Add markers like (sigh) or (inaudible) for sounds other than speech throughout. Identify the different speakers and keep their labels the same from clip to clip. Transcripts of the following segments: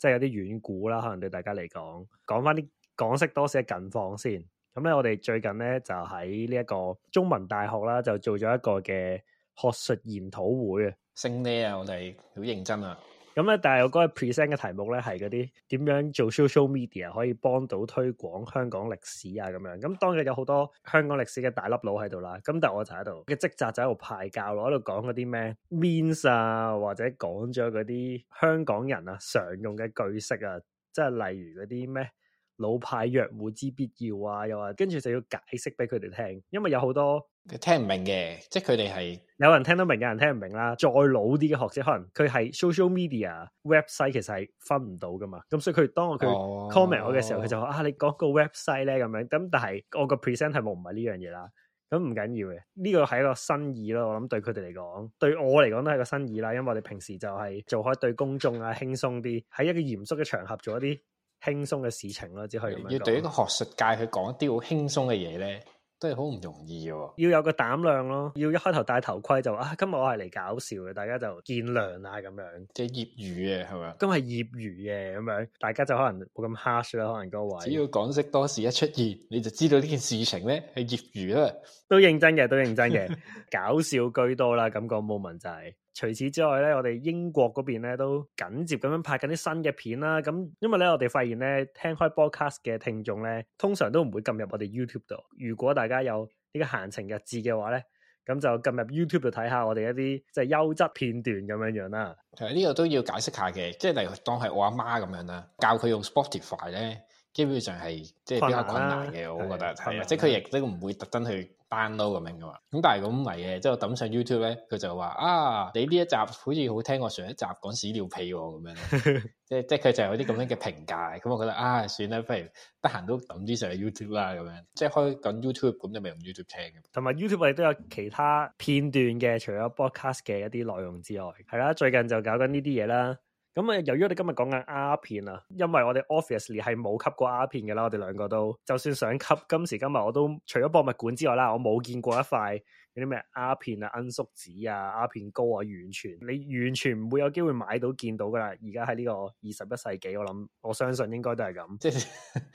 Speaker 1: 即係有啲遠古啦，可能對大家嚟講，講翻啲港式多些近況先。咁、嗯、咧，我哋最近咧就喺呢一個中文大學啦，就做咗一個嘅學術研討會啊。姓咩啊？我哋好認真啊！咁咧、嗯，但係我嗰個 present 嘅題目咧，係嗰啲點樣做 social media 可以幫到推廣香港歷史啊咁樣。咁、嗯、當然有好多香港歷史嘅大粒佬喺度啦。咁但係我就喺度嘅職責就喺度派教咯，喺度講嗰啲咩 means 啊，或者講咗嗰啲香港人啊常用嘅句式啊，即係例如嗰啲咩老派約會之必要啊，又話跟住就要解釋俾佢哋聽，因為有好多。佢聽唔明嘅，即係佢哋係有人聽得明，有人聽唔明啦。再老啲嘅學者，可能佢係 social media website，其實係分唔到噶嘛。咁所以佢當佢 comment 我嘅 com 時候，佢、哦、就話啊，你講個 website 咧咁樣。咁但係我個 present 係、er、冇唔係呢樣嘢啦。咁唔緊要嘅，呢個係一個新意咯。我諗對佢哋嚟講，對我嚟講都係個新意啦。因為我哋平時就係做開對公眾啊輕鬆啲，喺一,一個嚴肅嘅場合做一啲輕鬆嘅事情咯，只可以咁樣要對於一個學術界去講一啲好輕鬆嘅嘢咧。都係好唔容易嘅，哦，要有個膽量咯。要一開頭戴頭盔就，啊，今日我係嚟搞笑嘅，大家就見諒啦咁樣。即係業餘嘅係咪啊？今日業餘嘅咁樣，大家就可能冇咁 hush 啦，可能各位。只要港識多史一出現，你就知道呢件事情咧係業餘啦。都認真嘅，都認真嘅，搞笑居多啦。咁個 moment 就係、是。除此之外咧，我哋英國嗰邊咧都緊接咁樣拍緊啲新嘅片啦。咁因為咧，我哋發現咧，聽開 Podcast 嘅聽眾咧，通常都唔會撳入我哋 YouTube 度。如果大家有呢個閒情逸致嘅話咧，咁就撳入 YouTube 度睇下我哋一啲即係優質片段咁樣樣啦。其實呢個都要解釋下嘅，即係例如當係我阿媽咁樣
Speaker 2: 啦，教佢用 Spotify 咧。基本上係即係比較困難嘅，難啊，我覺得係，即係佢亦都唔會特登去 download 咁樣嘅嘛。咁但係咁唔係嘅，即係我抌上 YouTube 咧，佢就話啊，你呢一集好似好聽，我上一集講屎尿屁咁樣，即係即係佢就有啲咁樣嘅評價。咁我覺得啊，算啦，不如得閒都抌啲上 YouTube 啦，咁樣。即係開緊
Speaker 1: YouTube 咁，你咪用 YouTube 聽嘅。同埋 YouTube 我哋都有其他片段嘅，除咗 broadcast 嘅一啲內容之外，係啦，最近就搞緊呢啲嘢啦。咁啊、嗯，由於我哋今日講緊鴉片啊，pin, 因為我哋 Obviously 係冇吸過鴉片嘅啦，我哋兩個都，就算想吸，今時今日我都除咗博物館之外啦，我冇見過一塊嗰啲咩鴉片啊、罌粟籽啊、鴉片膏啊，完全你完全唔會有機會買到見到噶啦。而家喺呢個二十一世紀，我諗我相信應該都係咁。即係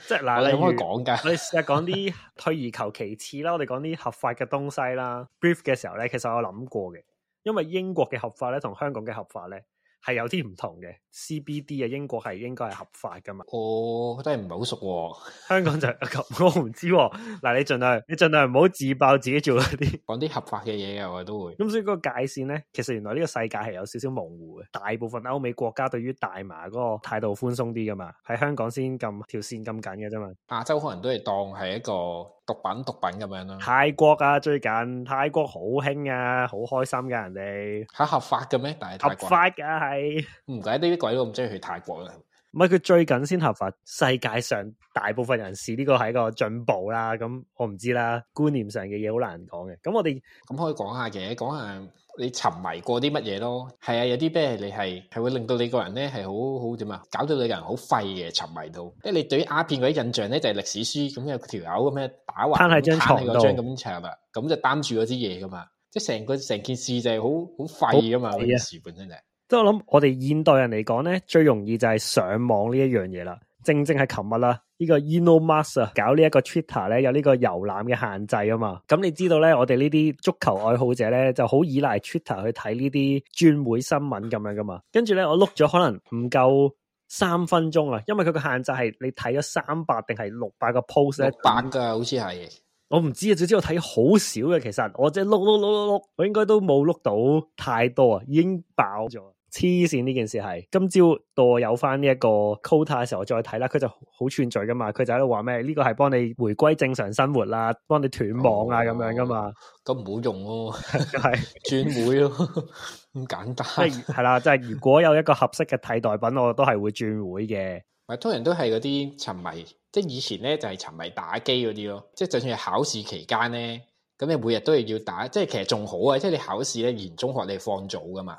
Speaker 1: 即係嗱，例如，你可以講嘅，我哋成日講啲退而求其次啦，我哋講啲合法嘅東西啦。Brief 嘅時候咧，其實我諗過嘅，因為英國嘅合法咧，同香港嘅合法咧。係有啲唔同嘅。CBD 啊，英國係應該係合法噶嘛？哦，真係唔係好熟喎。香港就咁，我唔知。嗱，你盡量你盡量唔好自爆自己做一啲講啲合法嘅嘢啊，我哋都會。咁所以個界線咧，其實原來呢個世界係有少少模糊嘅。大部分歐美國家對於大麻嗰個態度寬鬆啲噶嘛，喺香港先咁條線咁緊嘅啫嘛。
Speaker 2: 亞洲可能都係當係一個毒品
Speaker 1: 毒品咁樣咯。泰國啊，最近泰國好興啊，好開心噶人哋，係合法嘅咩？但係合法嘅係，唔解呢鬼都唔中意去泰國啦，唔係佢最近先合法。世界上大部分人士呢、這個係一個進步啦，咁、嗯、我唔知啦。觀念上嘅嘢好難講嘅。咁、嗯、我哋咁、嗯、可以講下嘅，講下你沉迷
Speaker 2: 過啲乜嘢咯？係啊，有啲咩你係係會令到你個人咧係好好點啊？搞到你個人好廢嘅沉迷到，即係你對於鴉片嗰啲印象咧就係歷史書咁有條友咁樣打橫攤喺張床啊，咁就擔住嗰啲嘢噶嘛，即係成個成件事就係好好廢噶嘛，嗰件事本身
Speaker 1: 就。的即係我諗，我哋現代人嚟講咧，最容易就係上網呢一樣嘢啦。正正係琴日啦，呢、這個 Elon Musk 搞呢一個 Twitter 咧，有呢個瀏覽嘅限制啊嘛。咁你知道咧，我哋呢啲足球愛好者咧，就好依賴 Twitter 去睇呢啲轉會新聞咁樣噶嘛跟住咧，我碌咗可能唔夠三分鐘啊，因為佢個限制係你睇咗三百定係六百個 post 咧，版噶，好似係。我唔知啊，總之我睇好少嘅，其實我即係碌碌碌碌碌，我應該都冇碌到太多啊，已經爆咗，黐線。呢件事係今朝到我有翻呢一個 quota 嘅時候，我再睇啦，佢就好串嘴噶嘛，佢就喺度話咩呢個係幫你回歸正常生活啦，幫你斷網啊咁、哦哦、樣噶嘛，
Speaker 2: 咁唔好用咯， (laughs) 就係、是、
Speaker 1: 轉 (laughs) 會咯，咁簡單係啦，即 (laughs) 係如果有一個合適嘅替代品，我都係會轉會嘅。
Speaker 2: 通常都係嗰啲沉迷，即以前咧就係沉迷打機嗰啲咯，即就算係考試期間呢，咁你每日都係要打，即其實仲好啊，即係你考試咧，而中學你放
Speaker 1: 早㗎嘛。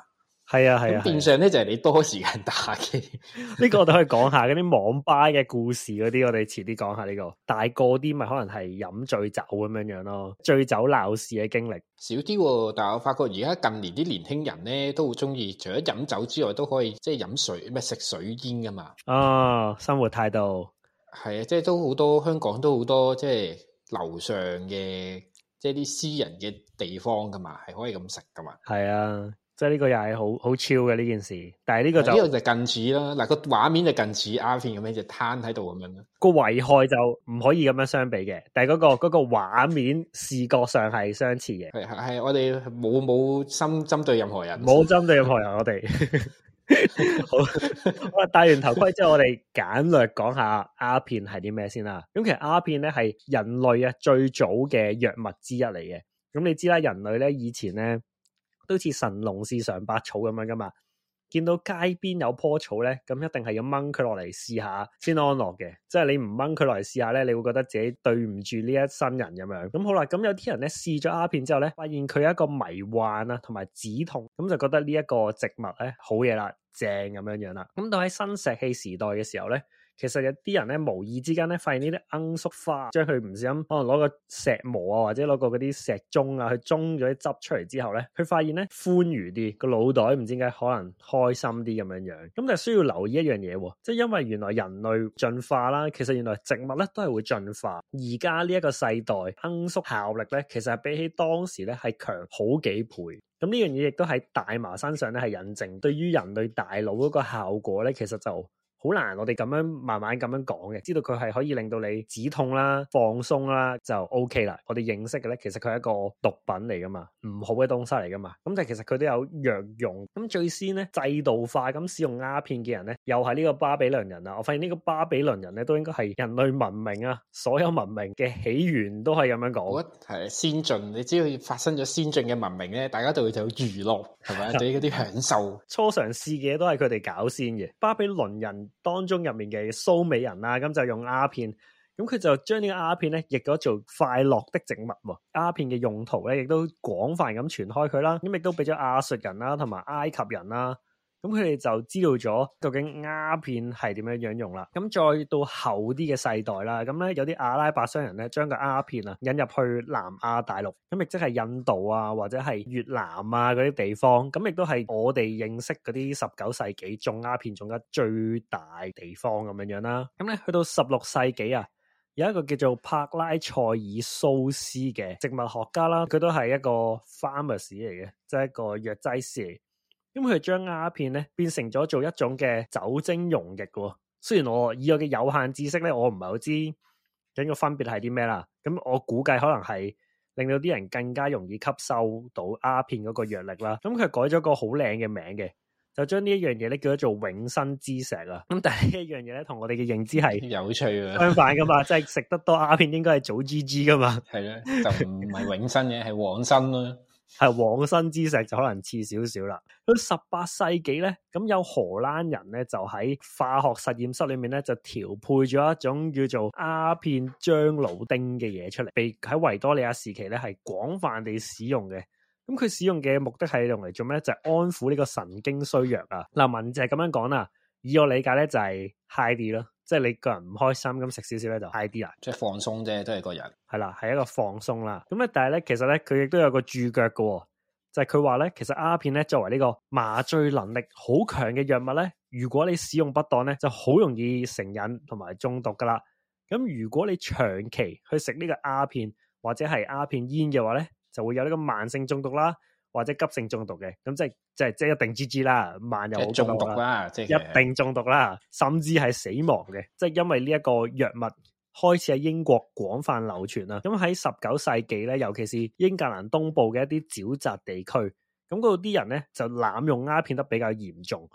Speaker 1: 係啊，係啊，咁變相咧、啊啊、就係你多時間打機，呢 (laughs) 個我哋可以講下嗰啲網吧嘅故事嗰啲，我哋遲啲講下呢、這個。大個啲咪可能係飲醉酒咁樣樣咯，醉酒鬧事嘅經歷少啲、啊。但係我發覺而家近年啲年
Speaker 2: 輕人咧都好中意，除咗飲酒之外，都可以即係飲水唔係食水煙噶嘛。啊、哦，生活態度係啊，即係都好多香港都好多即係樓上嘅即係啲私人嘅地方噶嘛，係可以咁食噶
Speaker 1: 嘛。係啊。即係呢個又係好好超嘅呢件事，但係呢個就呢個就近似啦。嗱個畫面就近似鴉片咁樣，就攤喺度咁樣。個危害就唔可以咁樣相比嘅，但係嗰個嗰個畫面視覺上係相似嘅。係，係我哋冇冇針針對任何人，冇針對任何人。我哋 (laughs) (laughs) 好啦，戴完頭盔之後，我哋簡略講下鴉片係啲咩先啦。咁其實鴉片咧係人類啊最早嘅藥物之一嚟嘅。咁你知啦，人類咧以前咧。都似神農嘗百草咁樣噶嘛，見到街邊有棵草咧，咁一定係要掹佢落嚟試下先安樂嘅，即係你唔掹佢落嚟試下咧，你會覺得自己對唔住呢一新人咁樣。咁、嗯、好啦，咁有啲人咧試咗鴉片之後咧，發現佢有一個迷幻啊，同埋止痛，咁、嗯、就覺得呢一個植物咧好嘢啦，正咁樣樣啦。咁、嗯、到喺新石器時代嘅時候咧。其實有啲人咧無意之間咧，發現呢啲罌粟花，即將佢唔小心可能攞個石磨啊，或者攞個嗰啲石盅啊，去舂咗啲汁出嚟之後咧，佢發現咧歡愉啲個腦袋，唔知點解可能開心啲咁樣樣。咁就需要留意一樣嘢，即係因為原來人類進化啦，其實原來植物咧都係會進化。而家呢一個世代罌粟效力咧，其實係比起當時咧係強好幾倍。咁呢樣嘢亦都喺大麻身上咧係引證，對於人類大腦嗰個效果咧，其實就。好難，我哋咁樣慢慢咁樣講嘅，知道佢係可以令到你止痛啦、放鬆啦，就 OK 啦。我哋認識嘅咧，其實佢係一個毒品嚟噶嘛，唔好嘅東西嚟噶嘛。咁但係其實佢都有藥用。咁最先咧制度化咁使用鴉片嘅人咧，又係呢個巴比倫人啦。我發現呢個巴比倫人咧，都應該係人類文明啊，所有文明嘅起源都係咁樣講。係先進，你只要發生咗先進嘅文明咧，大家就會有娛樂，係咪？對嗰啲享受。初嘗試嘅都係佢哋搞先嘅，巴比倫人。當中入面嘅蘇美人啦、啊，咁就用鴉片，咁佢就將呢個鴉片咧譯咗做快樂的植物喎、啊。鴉片嘅用途咧，亦都廣泛咁傳開佢啦。咁亦都俾咗亞述人啦、啊，同埋埃及人啦、啊。咁佢哋就知道咗究竟鴉片係點樣樣用啦。咁再到後啲嘅世代啦，咁咧有啲阿拉伯商人咧將個鴉片啊引入去南亞大陸，咁亦即係印度啊或者係越南啊嗰啲地方，咁亦都係我哋認識嗰啲十九世紀種鴉片種得最大地方咁樣樣啦。咁咧去到十六世紀啊，有一個叫做帕拉塞爾蘇斯嘅植物學家啦，佢都係一個 pharmacist 嚟嘅，即係一個藥劑師嚟。咁佢將鴉片咧變成咗做一種嘅酒精溶液嘅，雖然我以我嘅有限知識咧，我唔係好知咁個分別係啲咩啦。咁我估計可能係令到啲人更加容易吸收到鴉片嗰個藥力啦。咁佢改咗個好靚嘅名嘅，就將呢一樣嘢咧叫做永生之石啦。咁但係呢一樣嘢咧同我哋嘅認知係有趣嘅相反噶嘛，即係食得多鴉片應該係早 G G 噶嘛。係咧，就唔係永生嘅，係 (laughs) 往生咯。係永生之石就可能似少少啦。到十八世紀咧，咁有荷蘭人咧就喺化學實驗室裏面咧就調配咗一種叫做鴉片樟腦丁嘅嘢，出嚟，被喺維多利亞時期咧係廣泛地使用嘅。咁佢使用嘅目的係用嚟做咩咧？就係安撫呢個神經衰弱啊。嗱，文就係咁樣講啦。以我理解咧，就係 high 啲咯。即係你個人唔開心咁食少少咧就 high 啲啦！即係放鬆啫，都係個人係啦，係一個放鬆啦。咁咧，但係咧，其實咧，佢亦都有個注腳噶喎，就係佢話咧，其實鴉片咧，作為呢個麻醉能力好強嘅藥物咧，如果你使用不當咧，就好容易成癮同埋中毒噶啦。咁如果你長期去食呢個鴉片或者係鴉片煙嘅話咧，就會有呢個慢性中毒啦。或者急性中毒嘅，咁即係即係即係一定知知啦，慢有中毒啦，一定中毒啦，即是 甚至係死亡嘅。即係因為呢一個藥物開始喺英國廣泛流傳啦。咁喺十九世紀咧，尤其是英格蘭東部嘅一啲沼澤地區，咁嗰度啲人咧就濫用鴉片得比較嚴重，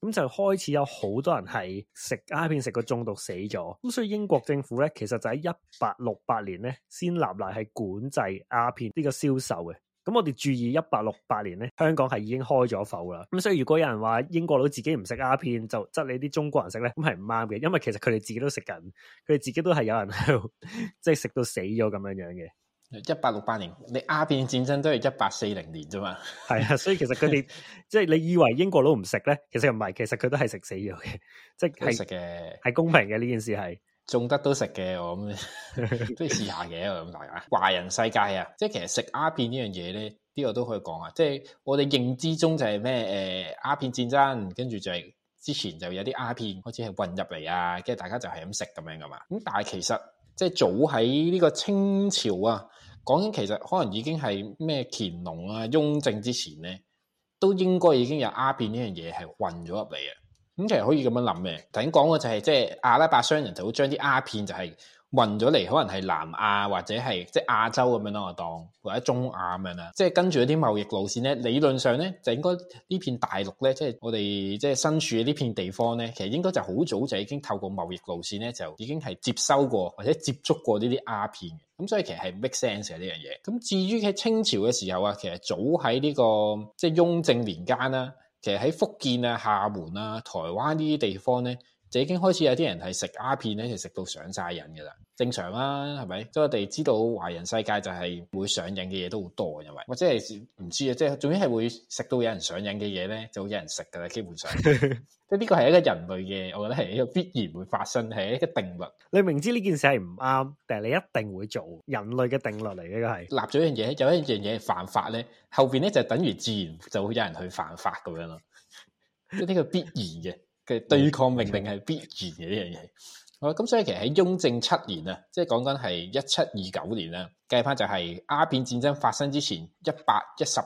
Speaker 1: 咁就開始有好多人係食鴉片食到中毒死咗。咁所以英國政府咧，其實就喺一八六八年咧，先立例係管制鴉片呢個銷售嘅。咁我哋注意一八六八年咧，香港係已經開咗埠啦。咁所以如果有人話英國佬自己唔食鴉片，就質你啲中國人食咧，咁係唔啱嘅。因為其實佢哋自己都食緊，佢哋自己都係有人喺度，即係食到死咗咁樣樣嘅。一八六八年，你鴉片戰爭都係一八四零年啫嘛。係 (laughs) 啊，所以其實佢哋即係你以為英國佬唔食咧，其實唔係，其實佢都係食死咗嘅，即係食嘅，係公平嘅呢件事係。種得都食嘅，我咁都
Speaker 2: 試下嘅，我咁大家啊！華人世界啊，即係其實食鴉片呢樣嘢咧，呢個都可以講啊！即係我哋認知中就係咩誒鴉片戰爭，跟住就係之前就有啲鴉片開始係混入嚟啊，跟住大家就係咁食咁樣噶嘛。咁但係其實即係早喺呢個清朝啊，講緊其實可能已經係咩乾隆啊、雍正之前咧，都應該已經有鴉片呢樣嘢係混咗入嚟啊。咁、嗯、其實可以咁樣諗嘅，頭先講嘅就係、是、即係阿拉伯商人就會將啲鴉片就係運咗嚟，可能係南亞或者係即係亞洲咁樣咯，當或者中亞咁樣啦，即係跟住嗰啲貿易路線咧，理論上咧就應該呢片大陸咧，即係我哋即係身處呢片地方咧，其實應該就好早就已經透過貿易路線咧，就已經係接收過或者接觸過呢啲鴉片嘅，咁、嗯、所以其實係 make sense 嘅呢樣嘢。咁、這個、至於喺清朝嘅時候啊，其實早喺呢、這個即係雍正年間啦。其實喺福建啊、廈門啊、台灣呢啲地方咧。就已經開始有啲人係食鴉片咧，就食到上晒癮噶啦，正常啦、啊，係咪？即係我哋知道華人世界就係會上癮嘅嘢都好多，因為或者係唔知啊，即係，總之係會食到有人上癮嘅嘢咧，就會有人食噶啦，基本上，即係呢個係一個人類嘅，我覺得係一個必然會發生，係一個定律。你明知呢件事係唔啱，但係你一定會做，人類嘅定律嚟嘅，係立咗一樣嘢，有一樣嘢犯法咧，後邊咧就等於自然就會有人去犯法咁樣咯，呢 (laughs) 個必然嘅。嘅對抗命令係必然嘅一樣嘢，好啦、嗯，咁、嗯、所以其實喺雍正七年啊，即係講緊係一七二九年啦，計返就係鴉片戰爭發生之前一百一十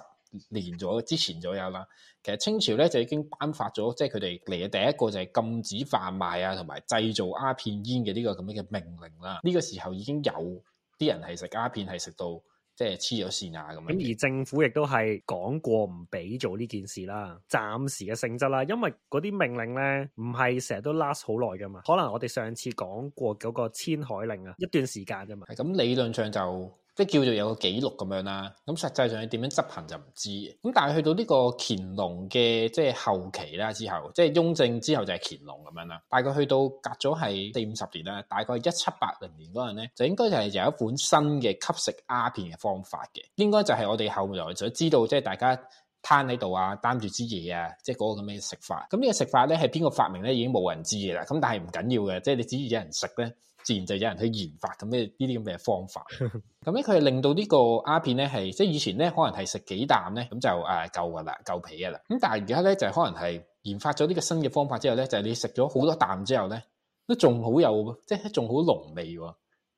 Speaker 2: 年咗之前左右啦。其實清朝咧就已經頒發咗，即係佢哋嚟嘅第一個就係禁止販賣啊，同埋製造鴉片煙嘅呢個咁樣嘅命令啦。呢、這個時候已經有啲人係食鴉片，係食到。即係黐咗線啊咁樣，而
Speaker 1: 政府亦都係講過唔俾做呢件事啦，暫時嘅性質啦，因為嗰啲命令咧唔係成日都 last 好耐噶嘛，可能我哋上次講過嗰個遷海令啊，一段時間噶嘛，咁 (noise) 理論上就。
Speaker 2: 即係叫做有個記錄咁樣啦，咁實際上你點樣執行就唔知。咁但係去到呢個乾隆嘅即係後期啦，之後，即係雍正之後就係乾隆咁樣啦。大概去到隔咗係四五十年啦，大概一七八零年嗰陣咧，就應該就係有一款新嘅吸食鴉片嘅方法嘅。應該就係我哋後來就知道，即係大家攤喺度啊，擔住支嘢啊，即係嗰個咁嘅食法。咁呢個食法咧，係邊個發明咧？已經冇人知嘅啦。咁但係唔緊要嘅，即係你只要有人食咧。自然就有人去研發咁嘅呢啲咁嘅方法。咁咧佢係令到呢個鴉片咧係即係以前咧可能係食幾啖咧咁就誒夠㗎啦，夠皮㗎啦。咁但係而家咧就係可能係研發咗呢個新嘅方法之後咧，就係你食咗好多啖之後咧都仲好有，即係仲好濃味，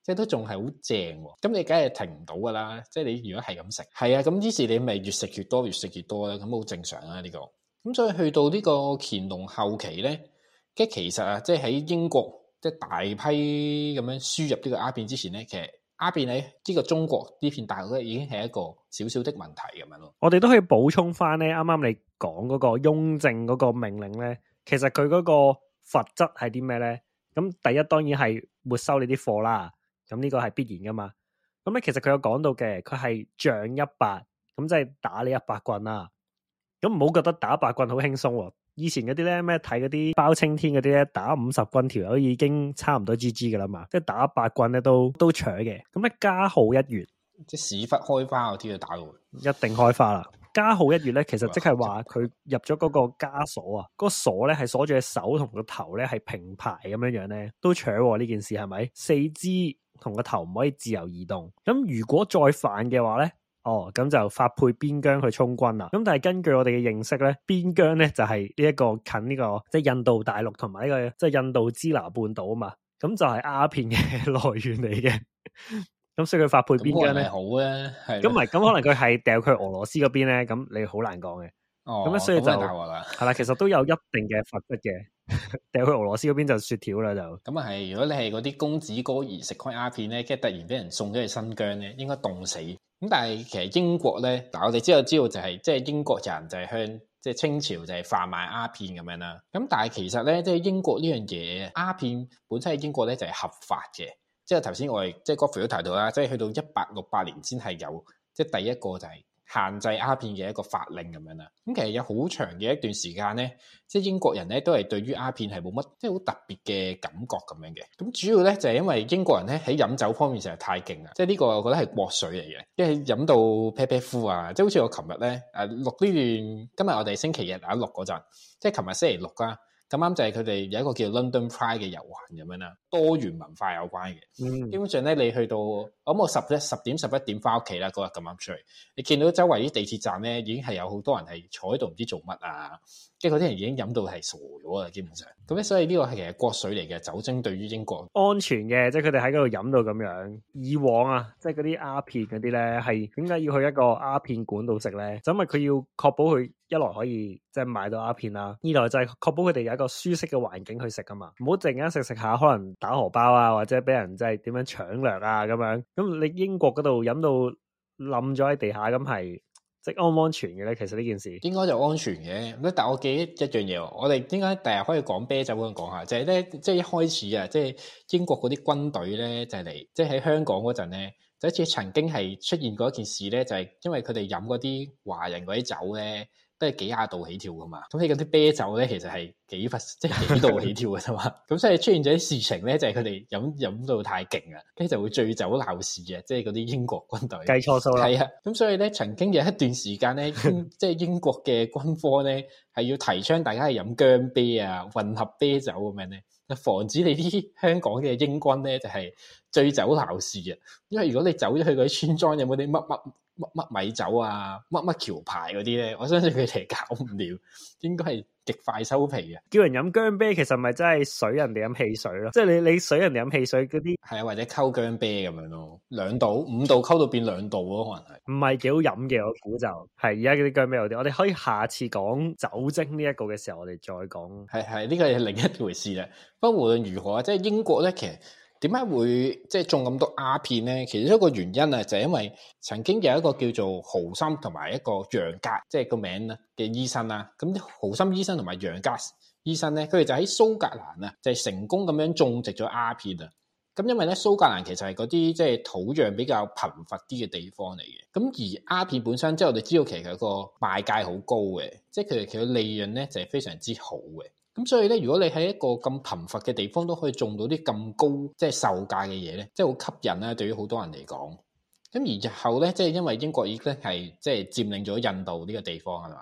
Speaker 2: 即係都仲係好正。咁你梗係停唔到㗎啦。即係你如果係咁食係啊，咁於是你咪越食越多，越食越多啦。咁好正常啊呢個。咁所以去到呢個乾隆後期咧，即係其實啊，即係喺英國。即係大批咁樣輸入呢個鴉片之前咧，其實鴉片喺呢個中國呢片、這個、大陸咧，已經係一個小小的問題咁樣咯。
Speaker 1: 我哋都可以補充翻咧，啱啱你講嗰個雍正嗰個命令咧，其實佢嗰個罰則係啲咩咧？咁第一當然係沒收你啲貨啦，咁呢個係必然噶嘛。咁咧其實佢有講到嘅，佢係杖一百，咁即係打你一百棍啦。咁唔好覺得打一百棍好輕鬆喎。以前嗰啲咧，咩睇嗰啲包青天嗰啲咧，打五十棍條友已經差唔多 GG 噶啦嘛，即係打八棍咧都都扯嘅。咁一加號一月，
Speaker 2: 即屎忽開花嗰啲就打到，一
Speaker 1: 定開花啦。 (laughs) 加號一月咧，其實即係話佢入咗嗰個加鎖、那個、啊，個鎖咧係鎖住手同個頭咧係平排咁樣樣咧，都扯。呢件事係咪四肢同個頭唔可以自由移動？咁如果再犯嘅話咧？哦，咁就發配邊疆去充軍啦。咁但係根據我哋嘅認識咧，邊疆咧就係呢一個近呢、這個即係、就是、印度大陸同埋呢個即係、就是、印度支那半島啊嘛。咁就係鴉片嘅來源嚟嘅。咁 (laughs) 所以佢發配邊疆咧，會會好咧，係。咁係，咁可能佢係掉去俄羅斯嗰邊咧，咁你好難講嘅。
Speaker 2: 哦，咁樣所以就係
Speaker 1: 啦，係啦、哦，其實都有一定嘅法律嘅。掉 (laughs) 去俄羅斯嗰邊就雪條啦就。
Speaker 2: 咁係，如果你係嗰啲公子哥兒食開鴉片咧，跟住突然俾人送咗去新疆咧，應該凍死。咁但係其實英國咧，嗱我哋之後知道就係即係英國人就係向即係清朝就係販賣鴉片咁樣啦。咁但係其實咧，即係英國呢樣嘢，鴉片本身喺英國咧就係合法嘅，即係頭先我哋即係 Godfrey 都提到啦，即係去到一八六八年先係有即係第一個就係。限制鴉片嘅一個法令咁樣啦，咁其實有好長嘅一段時間咧，即係英國人咧都係對於鴉片係冇乜即係好特別嘅感覺咁樣嘅，咁主要咧就係、是、因為英國人咧喺飲酒方面實在太勁啦，即係呢個我覺得係國粹嚟嘅，即係飲到啤啤呼啊，即係好似我琴日咧誒錄呢、啊、段，今日我哋星期日啊，錄嗰陣，即係琴日星期六啊，咁啱就係佢哋有一個叫 London Pride 嘅遊行咁樣啦，多元文化有關嘅，嗯、基本上咧你去到。咁我十咧十點十一點翻屋企啦，嗰日咁啱出去，你見到周圍啲地鐵站咧已經係有好多人係坐喺度唔知做乜啊，即係嗰啲人已經飲到係傻咗啊，基本上咁咧，所以呢個係其實國粹嚟嘅酒
Speaker 1: 精對於英國安全嘅，即係佢哋喺嗰度飲到咁樣。以往啊，即係嗰啲鴉片嗰啲咧係點解要去一個鴉片館度食咧？就因為佢要確保佢一來可以即係、就是、買到鴉片啦，二來就係確保佢哋有一個舒適嘅環境去食啊嘛，唔好陣間食食下，下可能打荷包啊，或者俾人即係點樣搶掠啊咁樣。咁你英國嗰度飲到冧咗喺地下，咁係即安唔安全嘅咧？其實呢件事應該就安全
Speaker 2: 嘅，咁咧。但我記得一樣嘢，我哋點解第日可以講啤酒咁講下？就係咧，即係一開始啊，即係英國嗰啲軍隊咧，就嚟即係喺香港嗰陣咧，就一次曾經係出現過一件事咧，就係因為佢哋飲嗰啲華人嗰啲酒咧。即係幾廿度起跳噶嘛？咁你嗰啲啤酒咧，其實係幾忽即係幾度起跳噶咋嘛？咁 (laughs) 所以出現咗啲事情咧，就係佢哋飲飲到太勁啊，跟住就會醉酒鬧事嘅。即係嗰啲英國軍隊計錯數啦，係啊！咁所以咧，曾經有一段時間咧，英即係英國嘅軍方咧，係 (laughs) 要提倡大家係飲薑啤啊、混合啤酒咁樣咧，防止你啲香港嘅英軍咧就係、是、醉酒鬧事嘅。因為如果你走咗去嗰啲村莊，有冇啲乜乜？乜乜米酒啊，乜乜橋牌嗰啲咧，我相信佢哋搞唔
Speaker 1: 了，應該係極快收皮嘅。叫人飲薑啤，其實咪真係水人哋飲汽水咯，即係你你水人哋飲汽水嗰啲係啊，或者溝薑啤咁樣咯，兩度五度溝到變兩度咯，啊，可能係唔係幾好飲嘅苦就，係而家嗰啲薑啤有啲，我哋可以下次講酒精呢一個嘅時候，我哋再講。係，係呢個係另一回事啦。不過無論如何
Speaker 2: 啊，即係英國咧，其實。點解會即係種咁多鴉片咧？其中一個原因啊，就係因為曾經有一個叫做豪森同埋一個楊格，即係個名啦嘅醫生啦。咁啲豪森醫生同埋楊格醫生咧，佢哋就喺蘇格蘭啊，就係成功咁樣種植咗鴉片啊。咁因為咧，蘇格蘭其實係嗰啲即係土壤比較貧乏啲嘅地方嚟嘅。咁而鴉片本身，即係我哋知道其實係個賣價好高嘅，即係其實佢嘅利潤咧就係非常之好嘅。咁所以咧，如果你喺一個咁貧乏嘅地方都可以種到啲咁高即係、就是、售價嘅嘢咧，即係好吸引啦。對於好多人嚟講，咁而後咧，即係因為英國已經係即係佔領咗印，印度呢個地方係嘛？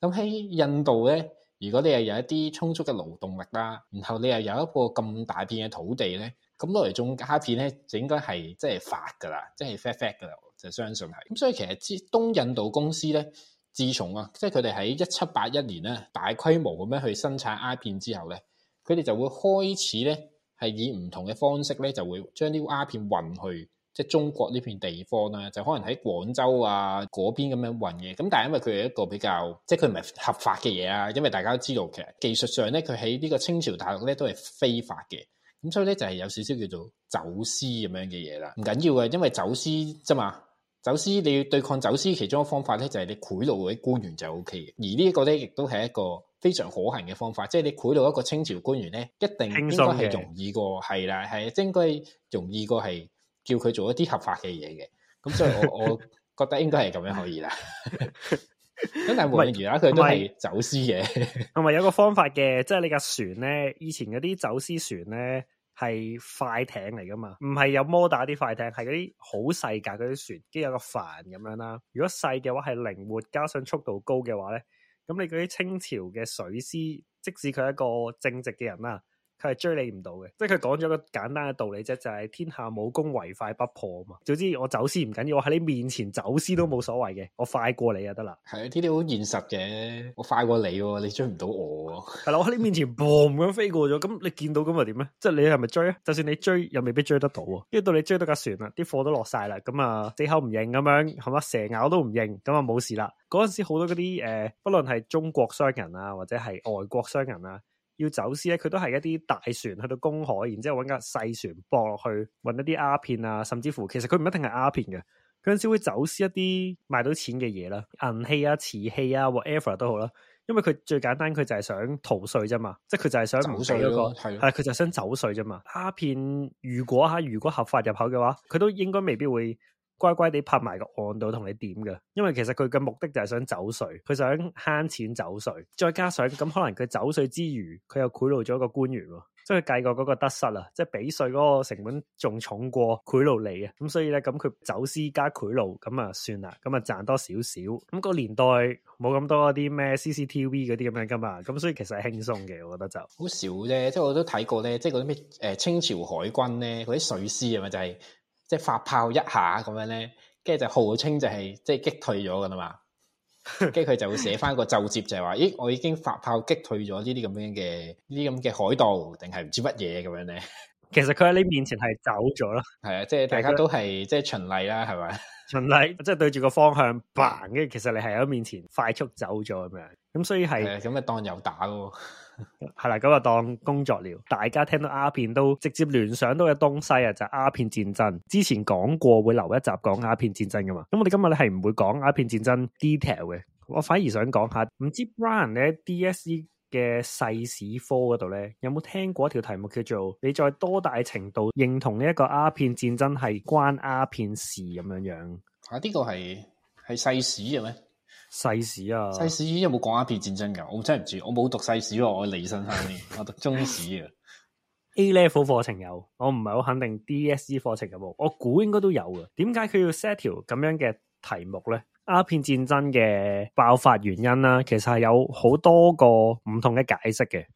Speaker 2: 咁喺印度咧，如果你係有一啲充足嘅勞動力啦，然後你又有一個咁大片嘅土地咧，咁攞嚟種鴉片咧，就應該係即係發㗎啦，即係 fair fair 㗎啦，就是、我就相信係。咁所以其實東印度公司咧。自從啊，即係佢哋喺一七八一年咧大規模咁樣去生產鴉片之後咧，佢哋就會開始咧，係以唔同嘅方式咧，就會將啲鴉片運去即係中國呢片地方啦、啊，就可能喺廣州啊嗰邊咁樣運嘅。咁但係因為佢係一個比較，即係佢唔係合法嘅嘢啊，因為大家都知道其實技術上咧，佢喺呢個清朝大陸咧都係非法嘅，咁所以咧就係有少少叫做走私咁樣嘅嘢啦。唔緊要嘅，因為走私啫嘛。走私你要對抗走私，其中一個方法咧就係、是、你賄賂嗰啲官員就 O K 嘅，而呢一個咧亦都係一個非常可行嘅方法，即係你賄賂一個清朝官員咧，一定應該係容易過係啦，係應該容易過係叫佢做一啲合法嘅嘢嘅。咁所以我我
Speaker 1: 覺得應該係咁樣可以啦。咁 (laughs) (laughs) 但係無論如何啦，佢都係走私嘅。同埋 (laughs) 有個方法嘅，即、就、係、是、你架船咧，以前嗰啲走私船咧。係快艇嚟噶嘛，唔係有摩打啲快艇，係嗰啲好細架嗰啲船，跟住有個帆咁樣啦。如果細嘅話係靈活，加上速度高嘅話咧，咁你嗰啲清朝嘅水師，即使佢係一個正直嘅人啦。佢係追你唔到嘅，即係佢講咗個簡單嘅道理啫，就係天下武功唯快不破啊嘛。早知我走私唔緊要，我喺你面前走私都冇所謂嘅，我快過你就得啦。係啊，呢啲好現實嘅，我快過你喎，你追唔到我。係 (laughs) 啦，我喺你面前 boom 咁飛過咗，咁你見到咁又點咧？即係你係咪追啊？就算你追，又未必追得到。跟住到你追到架船啦，啲貨都落晒啦，咁啊死口唔應咁樣，係嘛蛇咬都唔應，咁啊冇事啦。嗰陣時好多嗰啲誒，不論係中國商人啊，或者係外國商人啊。要走私咧，佢都係一啲大船去到公海，然之後揾架細船駁落去，運一啲鴉片啊，甚至乎其實佢唔一定係鴉片嘅，嗰陣時會走私一啲賣到錢嘅嘢啦，銀器啊、瓷器啊，whatever 都好啦，因為佢最簡單，佢就係想逃稅啫嘛，即係佢就係想唔稅一個，係佢就想走稅啫嘛。鴉片如果吓如果合法入口嘅話，佢都應該未必會。乖乖地拍埋個案度同你點噶因為其實佢嘅目的就係想走稅，佢想慳錢走稅，再加上咁可能佢走稅之餘，佢又賄賂咗個官員，即係計過嗰個得失啦，即係俾稅嗰個成本仲重過賄賂你啊，咁所以咧，咁佢走私加賄賂，咁啊算啦，咁啊賺多少少，咁個年代冇咁多啲咩 CCTV 嗰啲咁樣噶嘛，咁所以其實係輕鬆嘅，我覺得就好少啫，即係我都睇過咧，即係嗰啲咩
Speaker 2: 誒清朝海軍咧，嗰啲水師係咪就係。即係發炮一下咁樣咧，跟住就號稱就係即係擊退咗噶啦嘛。跟住佢就會寫翻個奏摺就係、是、話咦，我已經發炮擊退咗呢啲咁樣嘅呢啲咁嘅海盜，定係唔知乜嘢咁樣咧。
Speaker 1: (laughs) 其實佢喺你面前係走咗咯，係啊，即係大家都係即係循例啦，係咪循例即係對住個方向嘭，a 跟住其實你係喺面前快速走咗咁樣，咁所以係咁咪當有打咯。係啦，咁 (laughs) 就當工作了。大家聽到鴉片都直接聯想到嘅東西啊，就係鴉片戰爭。之前講過會留一集講鴉片戰爭噶嘛。咁我哋今日咧係唔會講鴉片戰爭 detail 嘅，我反而想講下。唔知 Brian 咧 DSE 嘅世史科嗰度咧有冇聽過一條題目叫做你在多大程度認同呢一個鴉片戰爭係關鴉片事咁樣樣？啊，呢個係係世史嘅咩？細史啊，細史已經有冇講鴉片戰爭噶？我真係唔知，我冇讀細史喎，我理科生嚟㗎， (laughs) 我讀中史啊。A level 課程有，我唔係好肯定 DSE 課程有冇，我估應該都有嘅。點解佢要 set 條咁樣嘅題目咧？鴉片戰爭嘅爆發原因啦，啊，其實係有好多個唔同嘅解釋嘅。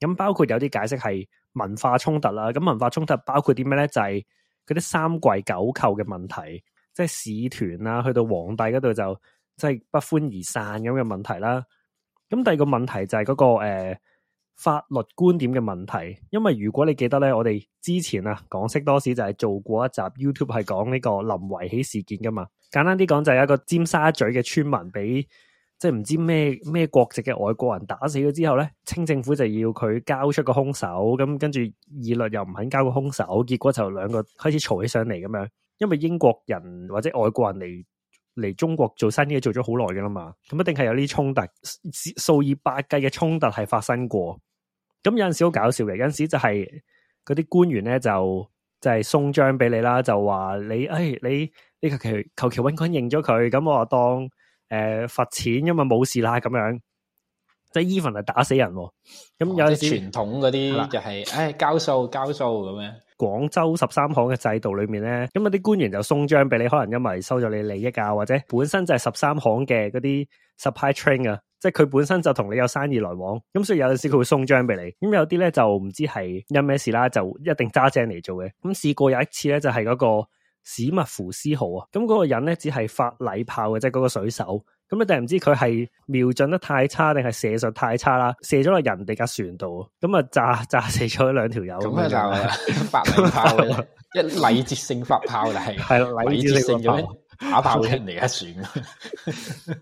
Speaker 1: 咁包括有啲解釋係文化衝突啦，啊，咁文化衝突包括啲咩咧？就係嗰啲三跪九叩嘅問題，即係使團啊，去到皇帝嗰度就。即係不歡而散咁嘅問題啦。咁第二個問題就係嗰、那個誒、呃、法律觀點嘅問題。因為如果你記得咧，我哋之前啊港識多史就係做過一集 YouTube 係講呢個林維喜事件噶嘛。簡單啲講就係一個尖沙咀嘅村民俾即係唔知咩咩國籍嘅外國人打死咗之後咧，清政府就要佢交出個兇手。咁跟住義律又唔肯交個兇手，結果就兩個開始嘈起上嚟咁樣。因為英國人或者外國人嚟。嚟中國做新嘢做咗好耐㗎啦嘛，咁一定係有啲衝突，數以百計嘅衝突係發生過。咁有陣時好搞笑嘅，有陣時就係嗰啲官員咧就就係送章俾你啦，就話、是、你，你，哎，你呢個其求其揾個人認咗佢，咁我當誒罰、呃、錢因為冇事啦咁樣。即係 even 係打死人喎。咁有陣時傳、哦、統嗰啲就係、是，的哎，交數交數咁樣。廣州十三行嘅制度裏面咧，咁啊啲官員就鬆章俾你，可能因為收咗你利益啊，或者本身就係十三行嘅嗰啲 supply chain 啊，即係佢本身就同你有生意來往，咁所以有陣時佢會鬆章俾你。咁有啲咧就唔知係因咩事啦，就一定揸正嚟做嘅。咁試過有一次咧，就係嗰個史密夫思豪啊，咁、那、嗰個人咧只係發禮炮嘅，即係嗰個水手。咁你但係唔知佢係瞄準得太差，定係射術太差啦？射咗落人哋架船度，咁啊炸炸死咗兩條友。咁啊炸發禮
Speaker 2: 炮，
Speaker 1: (laughs) 一禮節性發炮，但係係啦，禮節性咗打炮出嚟一船。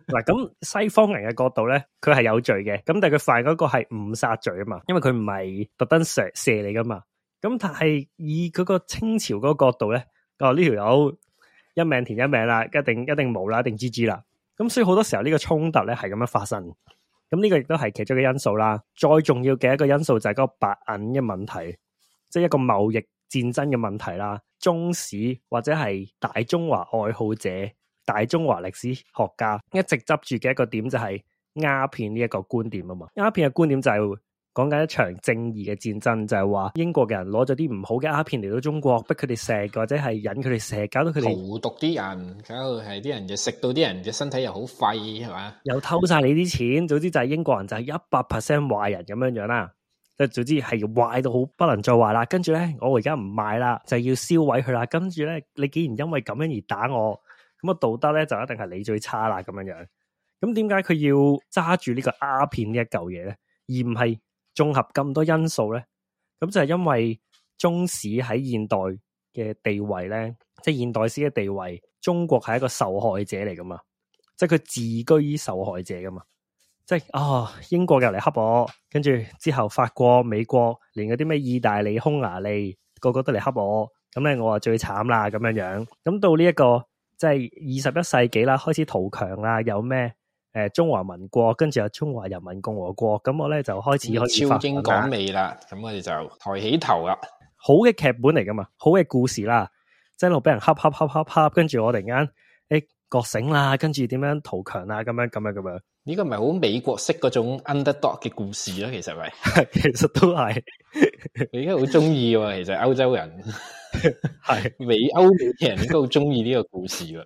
Speaker 1: 嗱，咁西方人嘅角度咧，佢係有罪嘅。咁但係佢犯嗰個係誤殺罪啊嘛，因為佢唔係特登射射你噶嘛。咁但係以佢個清朝嗰個角度咧，哦，呢條友一命填一命啦，一定一定冇啦，一定知知啦。咁所以好多時候呢個衝突咧係咁樣發生，咁呢個亦都係其中嘅因素啦。再重要嘅一個因素就係嗰個白銀嘅問題，即係一個貿易戰爭嘅問題啦。中史或者係大中華愛好者、大中華歷史學家一直執住嘅一個點就係鴉片呢一個觀點啊嘛。鴉片嘅觀點就係、是。講緊一場正義嘅戰爭，就係話英國嘅人攞咗啲唔好嘅鴉片嚟到中國，逼佢哋食，或者係引佢哋食，搞到佢哋好毒啲人。
Speaker 2: 搞到係啲人就食到啲人嘅身體又好廢，係嘛？
Speaker 1: 又偷晒你啲錢，總之就係英國人就係一百 percent 壞人咁樣樣啦。即係總之係壞到好，不能再壞啦。跟住咧，我而家唔賣啦，就要銷毀佢啦。跟住咧，你既然因為咁樣而打我，咁啊道德咧就一定係你最差啦。咁樣樣咁點解佢要揸住呢個鴉片呢一嚿嘢咧？而唔係？綜合咁多因素咧，咁就係因為中史喺現代嘅地位咧，即係現代史嘅地位，中國係一個受害者嚟噶嘛，即係佢自居於受害者噶嘛，即係啊、哦、英國又嚟恰我，跟住之後法國、美國，連嗰啲咩意大利、匈牙利，個個都嚟恰我，咁咧我話最慘啦咁樣樣，咁到呢、這、一個即係二十一世紀啦，開始圖強啊，有咩？誒，中華民國跟住啊，有中華人民共和國，咁我咧就開始開始講味
Speaker 2: 啦。咁我哋就抬起頭啦。
Speaker 1: 好嘅劇本嚟噶嘛，好嘅故事啦，一路俾人恰恰恰恰恰，跟住我突然間誒、欸、覺醒啦，跟住點樣圖強啦，咁樣咁樣咁樣。呢個唔係好美國式嗰種
Speaker 2: underdog 嘅故事咯，其實咪 (laughs) 其實都係。我而家好中意喎，其
Speaker 1: 實歐洲人係 (laughs) (laughs) 是美歐美嘅人都好中意呢個故事嚟。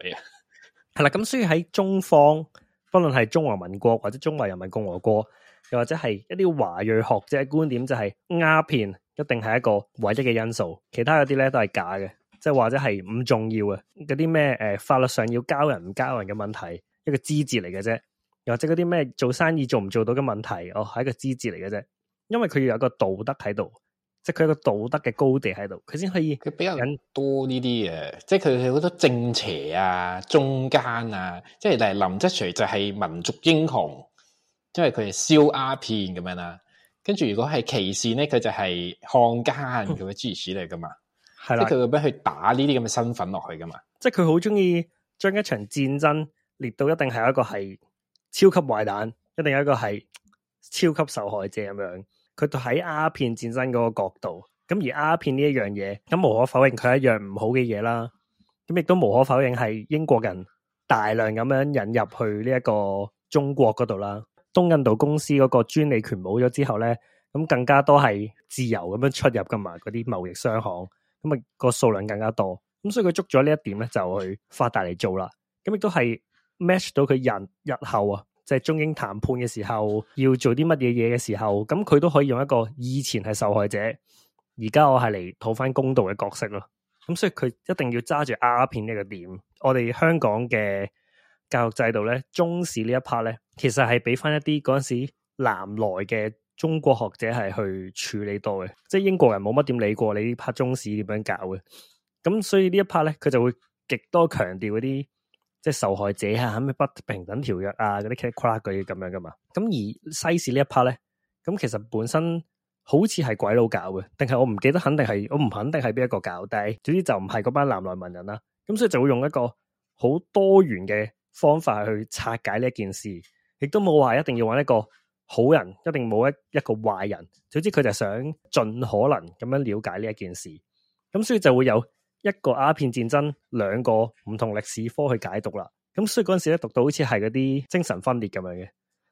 Speaker 1: 係 (laughs) 啦， (laughs) 咁所以喺中方。不論係中華民國或者中華人民共和國，又或者係一啲華裔學者觀點，就係鴉片一定係一個唯一嘅因素，其他嗰啲咧都係假嘅，即係或者係唔重要嘅嗰啲咩？誒，法律上要交人唔交人嘅問題，一個枝節嚟嘅啫；又或者嗰啲咩做生意做唔做到嘅問題，哦，係一個枝節嚟嘅啫，因為佢要有一個道德喺度。即係佢一個道德嘅高地喺度，佢先可以佢比較人多呢啲嘢，即係佢好多正邪啊、
Speaker 2: 中間啊，即係例如林則徐就係民族英雄，因為佢係燒鴉片咁樣啦、啊。跟住如果係歧視咧，佢就係漢奸咁嘅諸如此類噶嘛，係啦 (laughs) 的，即係佢會
Speaker 1: 俾佢打呢啲咁嘅身份落去噶嘛。即係佢好中意將一場戰爭列到一定係一個係超級壞蛋，一定有一個係超級受害者咁樣。佢喺鴉片戰爭嗰個角度，咁而鴉片呢一樣嘢，咁無可否認佢係一樣唔好嘅嘢啦。咁亦都無可否認係英國人大量咁樣引入去呢一個中國嗰度啦。東印度公司嗰個專利權冇咗之後咧，咁更加多係自由咁樣出入㗎嘛。嗰啲貿易商行，咁、那、啊個數量更加多。咁所以佢捉咗呢一點咧，就去發達嚟做啦。咁亦都係 match 到佢人日，日後啊。即係中英談判嘅時候，要做啲乜嘢嘢嘅時候，咁佢都可以用一個以前係受害者，而家我係嚟討翻公道嘅角色咯。咁所以佢一定要揸住鴉片呢個點。我哋香港嘅教育制度咧，中史呢一 part 咧，其實係俾翻一啲嗰陣時南來嘅中國學者係去處理到嘅，即係英國人冇乜點理過你呢 part 中史點樣搞嘅。咁所以呢一 part 咧，佢就會極多強調嗰啲。即係受害者啊，咩不平等條約啊，嗰啲 cliché 咁樣噶嘛。咁而西事呢一 part 咧，咁其實本身好似係鬼佬搞嘅，定係我唔記得，肯定係我唔肯定係邊一個搞。但係總之就唔係嗰班南來文人啦。咁、嗯、所以就會用一個好多元嘅方法去拆解呢一件事，亦都冇話一定要揾一個好人，一定冇一一個壞人。總之佢就想盡可能咁樣了解呢一件事。咁、嗯、所以就會有。一個鴉片戰爭，兩個唔同歷史科去解讀啦。咁所以嗰陣時咧讀到好似係嗰啲精神分裂咁樣嘅，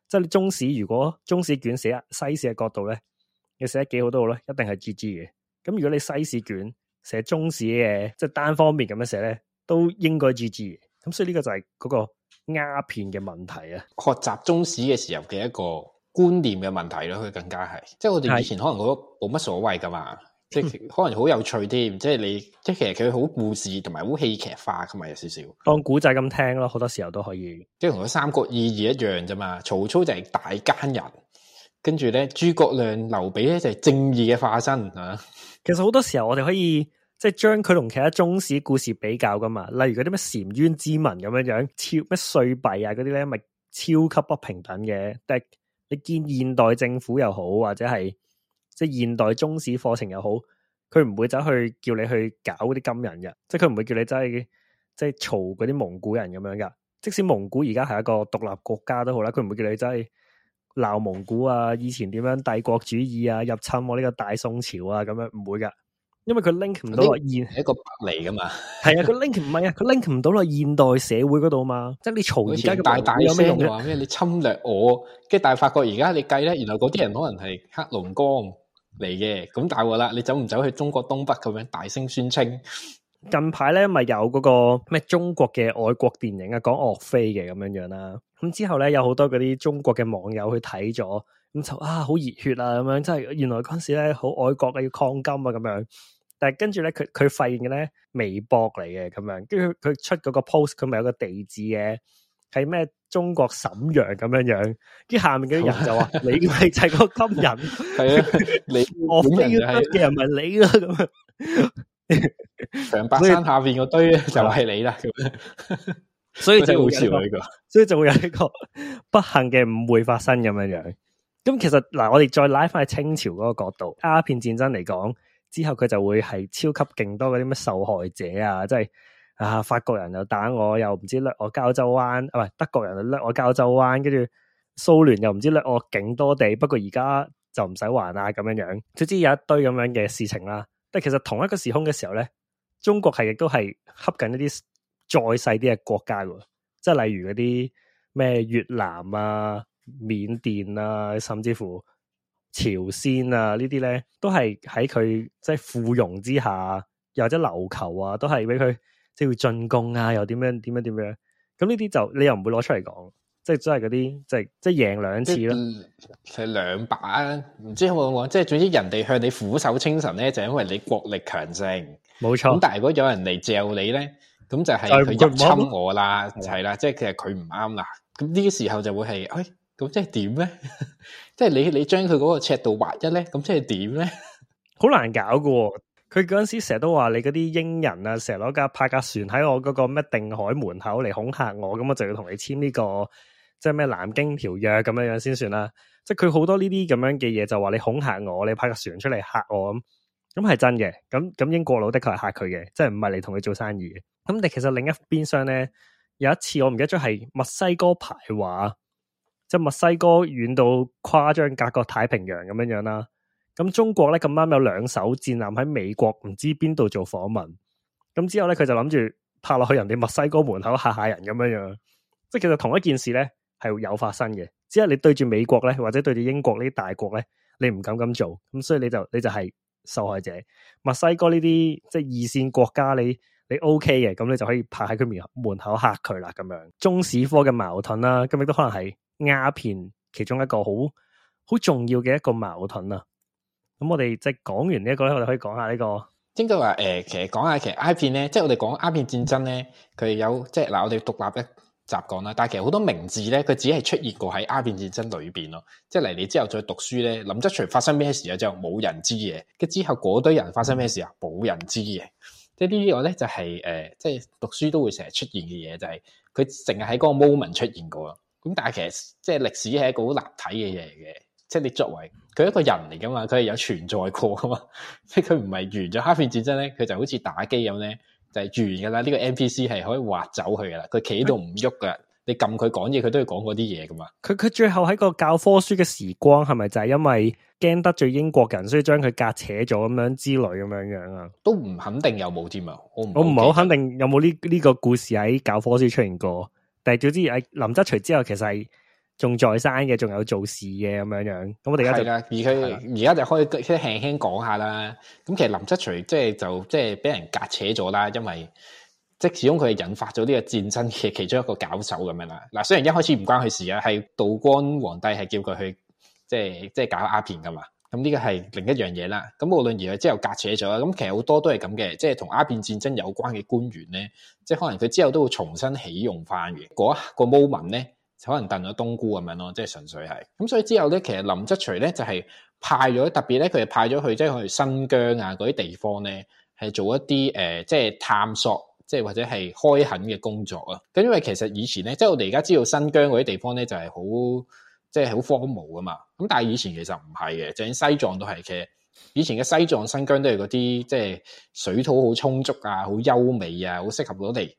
Speaker 1: 即係你中史如果中史卷寫西史嘅角度咧，你寫得幾好都好啦，一定係 G G 嘅。咁如果你西史卷寫中史嘅，即係單方面咁樣寫咧，都應該 G G。咁所以呢個就係嗰個鴉片嘅問題啊。學習中史嘅時候嘅一個
Speaker 2: 觀念嘅問題咯，佢更加係，即係我哋以前可能覺得冇乜所謂噶嘛。嗯、即係可能好有趣添，即係你即係其實佢好故事同埋好戲劇化噶嘛，有少少當古仔咁聽咯，好多時候都可以。即係同佢《三國》意義一樣啫嘛，曹操就係大奸人，
Speaker 1: 跟住咧諸葛亮、劉備咧就係正義嘅化身啊。其實好多時候我哋可以即係、就是、將佢同其他中史故事比較噶嘛，例如嗰啲咩《澶淵之盟》咁樣樣，超咩歲幣啊嗰啲咧，咪超級不平等嘅。但係你見現代政府又好，或者係。即係現代中史課程又好，佢唔會走去叫你去搞嗰啲金人嘅，即係佢唔會叫你真係即係嘈嗰啲蒙古人咁樣噶。即使蒙古而家係一個獨立國家都好啦，佢唔會叫你真係鬧蒙古啊。以前點樣帝國主義啊，入侵我呢個大宋朝啊，咁樣唔會噶，因為佢 link 唔到啊。現係一個白嚟噶嘛，係 (laughs) 啊，佢 link 唔係啊，佢 link 唔到咯。現代社會嗰度嘛，即係你嘈而家大大聲話咩？
Speaker 2: 你侵略我，跟住大法國而家你計咧，原來嗰啲人可能係黑龍江。嚟嘅咁大鑊啦！你走唔走去中國東
Speaker 1: 北咁樣大聲宣稱？近排咧咪有嗰個咩中國嘅愛國電影啊，講岳飛嘅咁樣樣啦。咁之後咧有好多嗰啲中國嘅網友去睇咗，咁就啊好熱血啊，咁樣即係原來嗰陣時咧好愛國嘅要抗金啊，咁樣。但係跟住咧佢佢發現嘅咧微博嚟嘅咁樣，跟住佢出嗰個 post，佢咪有個地址嘅。係咩？中國瀋陽咁樣樣，跟下面啲人就話： (laughs) 你係就個金人，係 (laughs) 啊，你 (laughs) 我非要金嘅人咪你咯、啊、咁樣。長白山下邊個堆就係你啦，咁樣。所以就會潮佢個，所以就會有呢個不幸嘅誤會發生咁樣樣。咁其實嗱，我哋再拉翻去清朝嗰個角度，鴉片戰爭嚟講之後，佢就會係超級勁多嗰啲咩受害者啊，即係。啊！法國人又打我，又唔知掠我膠州灣，唔、啊、係德國人又掠我膠州灣，跟住蘇聯又唔知掠我勁多地。不過而家就唔使還啦，咁樣樣，總之有一堆咁樣嘅事情啦。但其實同一個時空嘅時候咧，中國係亦都係恰緊一啲再細啲嘅國家，即係例如嗰啲咩越南啊、緬甸啊，甚至乎朝鮮啊呢啲咧，都係喺佢即係附庸之下，又或者琉球啊，都係俾佢。即係要進攻啊，又點樣點樣點樣？咁呢啲就你又唔會攞出嚟講，即係即係嗰啲，即係即係贏兩次咯，
Speaker 2: 係兩把啦，唔知唔我我即係總之人哋向你俯首稱臣咧，就因為你國力強盛，冇錯。咁但係如果有人嚟嚼你咧，咁就係佢入侵我啦，係啦，即係其實佢唔啱啦。咁呢啲時候就會係，哎，咁即係點咧？
Speaker 1: (laughs) 即係你你將佢嗰個尺度劃一咧，咁即係點咧？好 (laughs) 難搞噶、啊。佢嗰陣時成日都話你嗰啲英人啊，成日攞架派架船喺我嗰個咩定海門口嚟恐嚇我，咁我就要同你簽呢個即係咩南京條約咁樣樣先算啦。即係佢好多呢啲咁樣嘅嘢，就話你恐嚇我，你派架船出嚟嚇我咁，咁係真嘅。咁咁英國佬的確係嚇佢嘅，即係唔係嚟同佢做生意嘅。咁但其實另一邊廂咧，有一次我唔記得咗係墨西哥排華，即係墨西哥遠到誇張，隔個太平洋咁樣樣啦。咁中國咧，咁啱有兩艘戰艦喺美國唔知邊度做訪問，咁之後咧佢就諗住拍落去人哋墨西哥門口嚇下人咁樣樣，即係其實同一件事咧係有發生嘅，只係你對住美國咧或者對住英國呢啲大國咧，你唔敢咁做，咁所以你就你就係受害者。墨西哥呢啲即係二線國家你，你你 O K 嘅，咁你就可以拍喺佢面門口嚇佢啦。咁樣中史科嘅矛盾啦，啊，咁亦都可能係鴉片其中一個好好重要嘅一個矛盾啦，啊。咁我哋即係講完呢、這、一個咧，我哋可以講下呢、這個，
Speaker 2: 應該話誒，其實講下其實鴉片咧，即係我哋講鴉片戰爭咧，佢有即係嗱，我哋獨立一集講啦。但係其實好多名字咧，佢只係出現過喺鴉片戰爭裏邊咯。即係嚟你之後再讀書咧，林則徐發生咩事啊？就冇人知嘅。跟之後嗰堆人發生咩事啊？冇人知嘅。即係呢個咧就係、是、誒、呃，即係讀書都會成日出現嘅嘢，就係佢成日喺嗰個 moment 出現過咯。咁但係其實即係歷史係一個好難睇嘅嘢嘅，即係你作為。佢一個人嚟噶嘛？佢係有存在過啊嘛？即係佢唔係完咗。哈比戰爭咧，佢就好似打機咁咧，就係、是、完噶啦。呢、這個 N P C 係可以滑走佢噶啦。佢企喺度唔喐噶，欸、你撳佢講嘢，佢都要講嗰啲嘢噶嘛？
Speaker 1: 佢佢最後喺個教科書嘅時光係咪就係因為驚得罪英國人，所以將佢隔扯咗咁樣之類咁樣樣啊？
Speaker 2: 都唔肯定有冇添啊！我唔唔係好肯
Speaker 1: 定有冇呢呢個故事喺教科書出現過。但係總之，林則徐之後，其實係。仲在生嘅，仲有做事嘅咁樣樣。咁我哋而家而佢而家就可以即係輕
Speaker 2: 輕講下啦。咁的其實林則徐即係就即係俾人隔扯咗啦，因為即係、就是、始終佢係引發咗呢個戰爭嘅其中一個搞手咁樣啦。嗱，雖然一開始唔關佢事啊，係道光皇帝係叫佢去即係即係搞鴉片噶嘛。咁呢個係另一樣嘢啦。咁無論如何之後隔扯咗，咁其實好多都係咁嘅，即係同鴉片戰爭有關嘅官員咧，即、就、係、是、可能佢之後都會重新起用翻嘅嗰一個 moment 咧。就可能燉咗冬菇咁樣咯，即係純粹係。咁所以之後咧，其實林則徐咧就係、是、派咗特別咧，佢係派咗去即係去新疆啊嗰啲地方咧，係做一啲誒、呃、即係探索，即係或者係開墾嘅工作啊。咁因為其實以前咧，即係我哋而家知道新疆嗰啲地方咧，就係好即係好荒蕪噶嘛。咁但係以前其實唔係嘅，就連西藏都係嘅。以前嘅西藏、新疆都係嗰啲即係水土好充足啊，好優美啊，好適合到哋。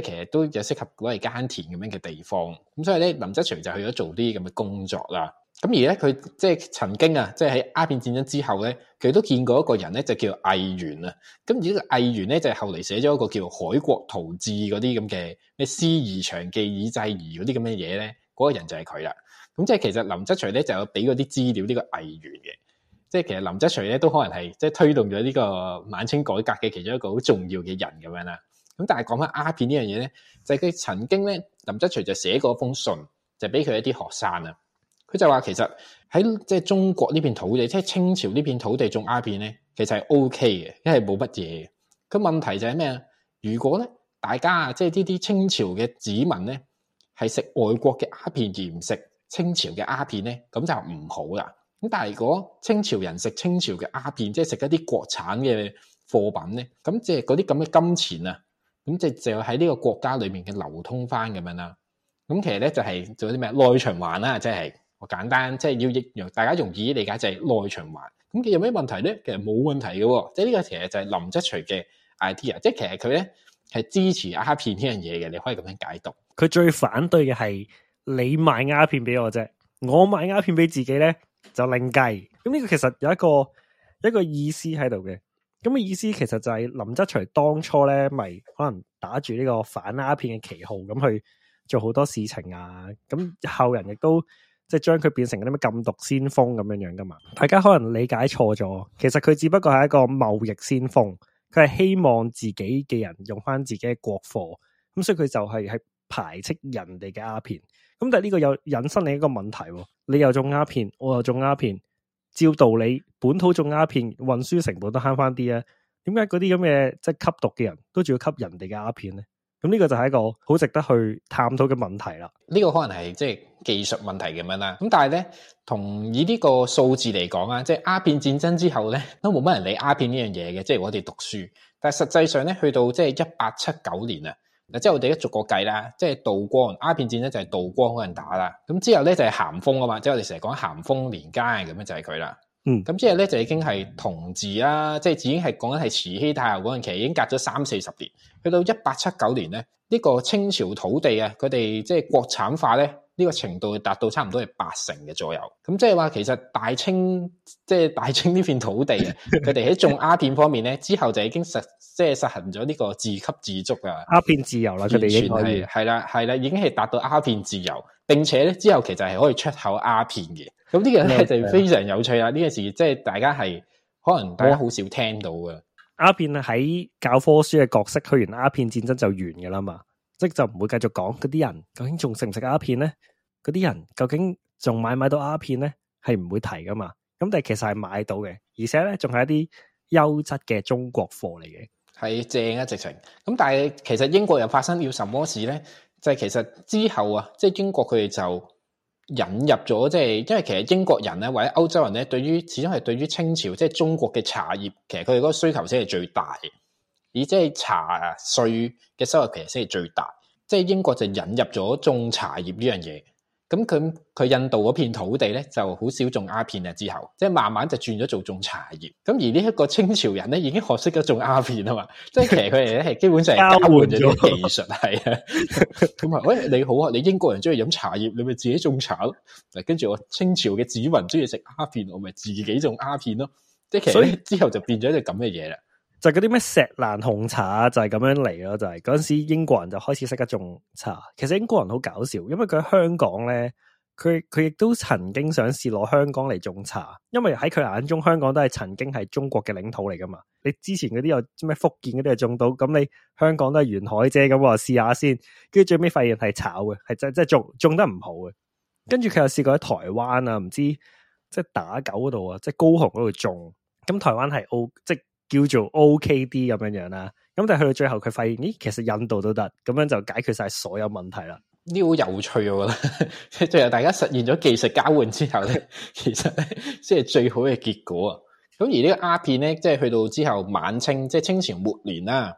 Speaker 2: 其實都有適合嗰啲耕田咁樣嘅地方，咁所以咧林則徐就去咗做啲咁嘅工作啦。咁而咧佢即係曾經啊，即係喺鴉片戰爭之後咧，佢都見過一個人咧，就叫魏源啊。咁而個魏源呢個魏源咧就係、是、後嚟寫咗一個叫《海國圖志》嗰啲咁嘅咩師夷長技以制夷嗰啲咁嘅嘢咧，嗰、那個人就係佢啦。咁即係其實林則徐咧就有俾嗰啲資料呢個魏源嘅，即係其實林則徐咧都可能係即係推動咗呢個晚清改革嘅其中一個好重要嘅人咁樣啦。咁但係講緊鴉片呢樣嘢咧，就係佢曾經咧林則徐就寫過一封信，就俾佢一啲學生啊。佢就話其實喺即係中國呢片土地，即係清朝呢片土地種鴉片咧，其實係 O K 嘅，因為冇乜嘢。咁問題就係咩啊？如果咧大家即係呢啲清朝嘅子民咧，係食外國嘅鴉片而唔食清朝嘅鴉片咧，咁就唔好啦。咁但係如果清朝人食清朝嘅鴉片，即係食一啲國產嘅貨品咧，咁即係嗰啲咁嘅金錢啊。咁即就喺呢個國家裏面嘅流通翻咁樣啦。咁其實咧就係做啲咩內循環啦，即係我簡單，即係要易容大家容易理解就係內循環。咁有咩問題咧？其實冇問題嘅，即係呢個其實就係林則徐嘅 idea，即係其實佢咧係支持
Speaker 1: 鴉片呢樣嘢嘅。你可以咁樣解讀。佢最反對嘅係你買鴉片俾我啫，我買鴉片俾自己咧就另計。咁呢個其實有一個一個意思喺度嘅。咁嘅意思其實就係林則徐當初咧，咪可能打住呢個反鴉片嘅旗號咁去做好多事情啊！咁後人亦都即係將佢變成嗰啲咩禁毒先鋒咁樣樣㗎嘛？大家可能理解錯咗，其實佢只不過係一個貿易先鋒，佢係希望自己嘅人用返自己嘅國貨，咁所以佢就係係排斥人哋嘅鴉片。咁但係呢個又引申另一個問題，啊，你又種鴉片，我又種鴉片，照道理。本土種鴉片，運輸成本都慳翻啲啊？點解嗰啲咁嘅即係吸毒嘅人都仲要吸人哋嘅鴉片咧？咁呢個就係一個好值得去探討嘅問題啦。呢個可能係即係技術問題咁樣啦。咁但係咧，同以
Speaker 2: 呢個數字嚟講啊，即係鴉片戰爭之後咧，都冇乜人理鴉片呢樣嘢嘅。即係我哋讀書，但係實際上咧，去到即係一八七九年啊，即係我哋一逐個計啦，即係道光鴉片戰爭就係道光嗰陣打啦。咁之後咧就係、是、咸豐啊嘛，即係我哋成日講咸豐年間咁樣就係佢啦。就是嗯，咁即係咧，就已經係同治啦、啊，即、就、係、是、已經係講緊係慈禧太后嗰陣期，其實已經隔咗三四十年。去到一八七九年咧，呢、這個清朝土地啊，佢哋即係國產化咧，呢、這個程度達到差唔多係八成嘅左右。咁即係話，其實大清即係、就是、大清呢片土地，佢哋喺種鴉片方面咧，之後就已經實即係、就是、實行咗呢個自給自足噶、
Speaker 1: 啊，鴉片自由啦，佢哋已經係
Speaker 2: 係啦係啦，已經係達到鴉片自由，並且咧之後其實係可以出口鴉片嘅。咁呢樣咧就非常有趣啦！呢件事即係大家係可能大家好少聽到嘅鴉片
Speaker 1: 啊，喺教科書嘅角色，去完鴉片戰爭就完㗎啦嘛，即係就唔會繼續講嗰啲人究竟仲食唔食鴉片咧？嗰啲人究竟仲買唔買到鴉片咧？係唔會提噶嘛？咁但係其實係買到嘅，而且咧仲係一啲優質嘅中國貨嚟嘅，
Speaker 2: 係正啊直情。咁但係其實英國又發生咗什麼事咧？就係、是、其實之後啊，即係英國佢哋就。引入咗即係，因為其實英國人咧，或者歐洲人咧，對於始終係對於清朝即係、就是、中國嘅茶葉，其實佢哋嗰個需求先係最大，而即係茶稅嘅收入其實先係最大。即、就、係、是、英國就引入咗種茶葉呢樣嘢。咁佢印度嗰片土地咧，就好少種鴉片啊。之後即係慢慢就轉咗做種茶葉。咁而呢一個清朝人咧，已經學識咗種鴉片啊嘛，即係其實佢哋係基本上是交換咗技術係啊。咁啊，喂，你好啊，你英國人中意飲茶葉，你咪自己種茶咯。跟住我清朝嘅子民中意
Speaker 1: 食鴉片，我咪自己種鴉片咯。
Speaker 2: 即係其實以
Speaker 1: 之後就變咗一隻咁嘅嘢啦。就係嗰啲咩錫蘭紅茶，就係咁樣嚟咯。就係嗰陣時英國人就開始識得種茶。其實英國人好搞笑，因為佢喺香港咧，佢佢亦都曾經想試攞香港嚟種茶。因為喺佢眼中，香港都係曾經係中國嘅領土嚟噶嘛。你之前嗰啲有咩福建嗰啲啊種到，咁你香港都係沿海啫，咁我試下先。跟住最尾發現係炒嘅，係真係種種得唔好嘅。跟住佢又試過喺台灣啊，唔知即係打狗嗰度啊，即係高雄嗰度種。咁台灣係澳即叫做 OKD、OK、咁樣樣啦，咁但係去到最後佢發現，咦，其實印度都得，咁樣就解決晒所有問題啦。
Speaker 2: 呢個好有趣我覺得，最後大家實現咗技術交換之後咧，其實咧即係最好嘅結果啊。咁而呢個鴉片咧，即係去到之後晚清，即係清朝末年啦，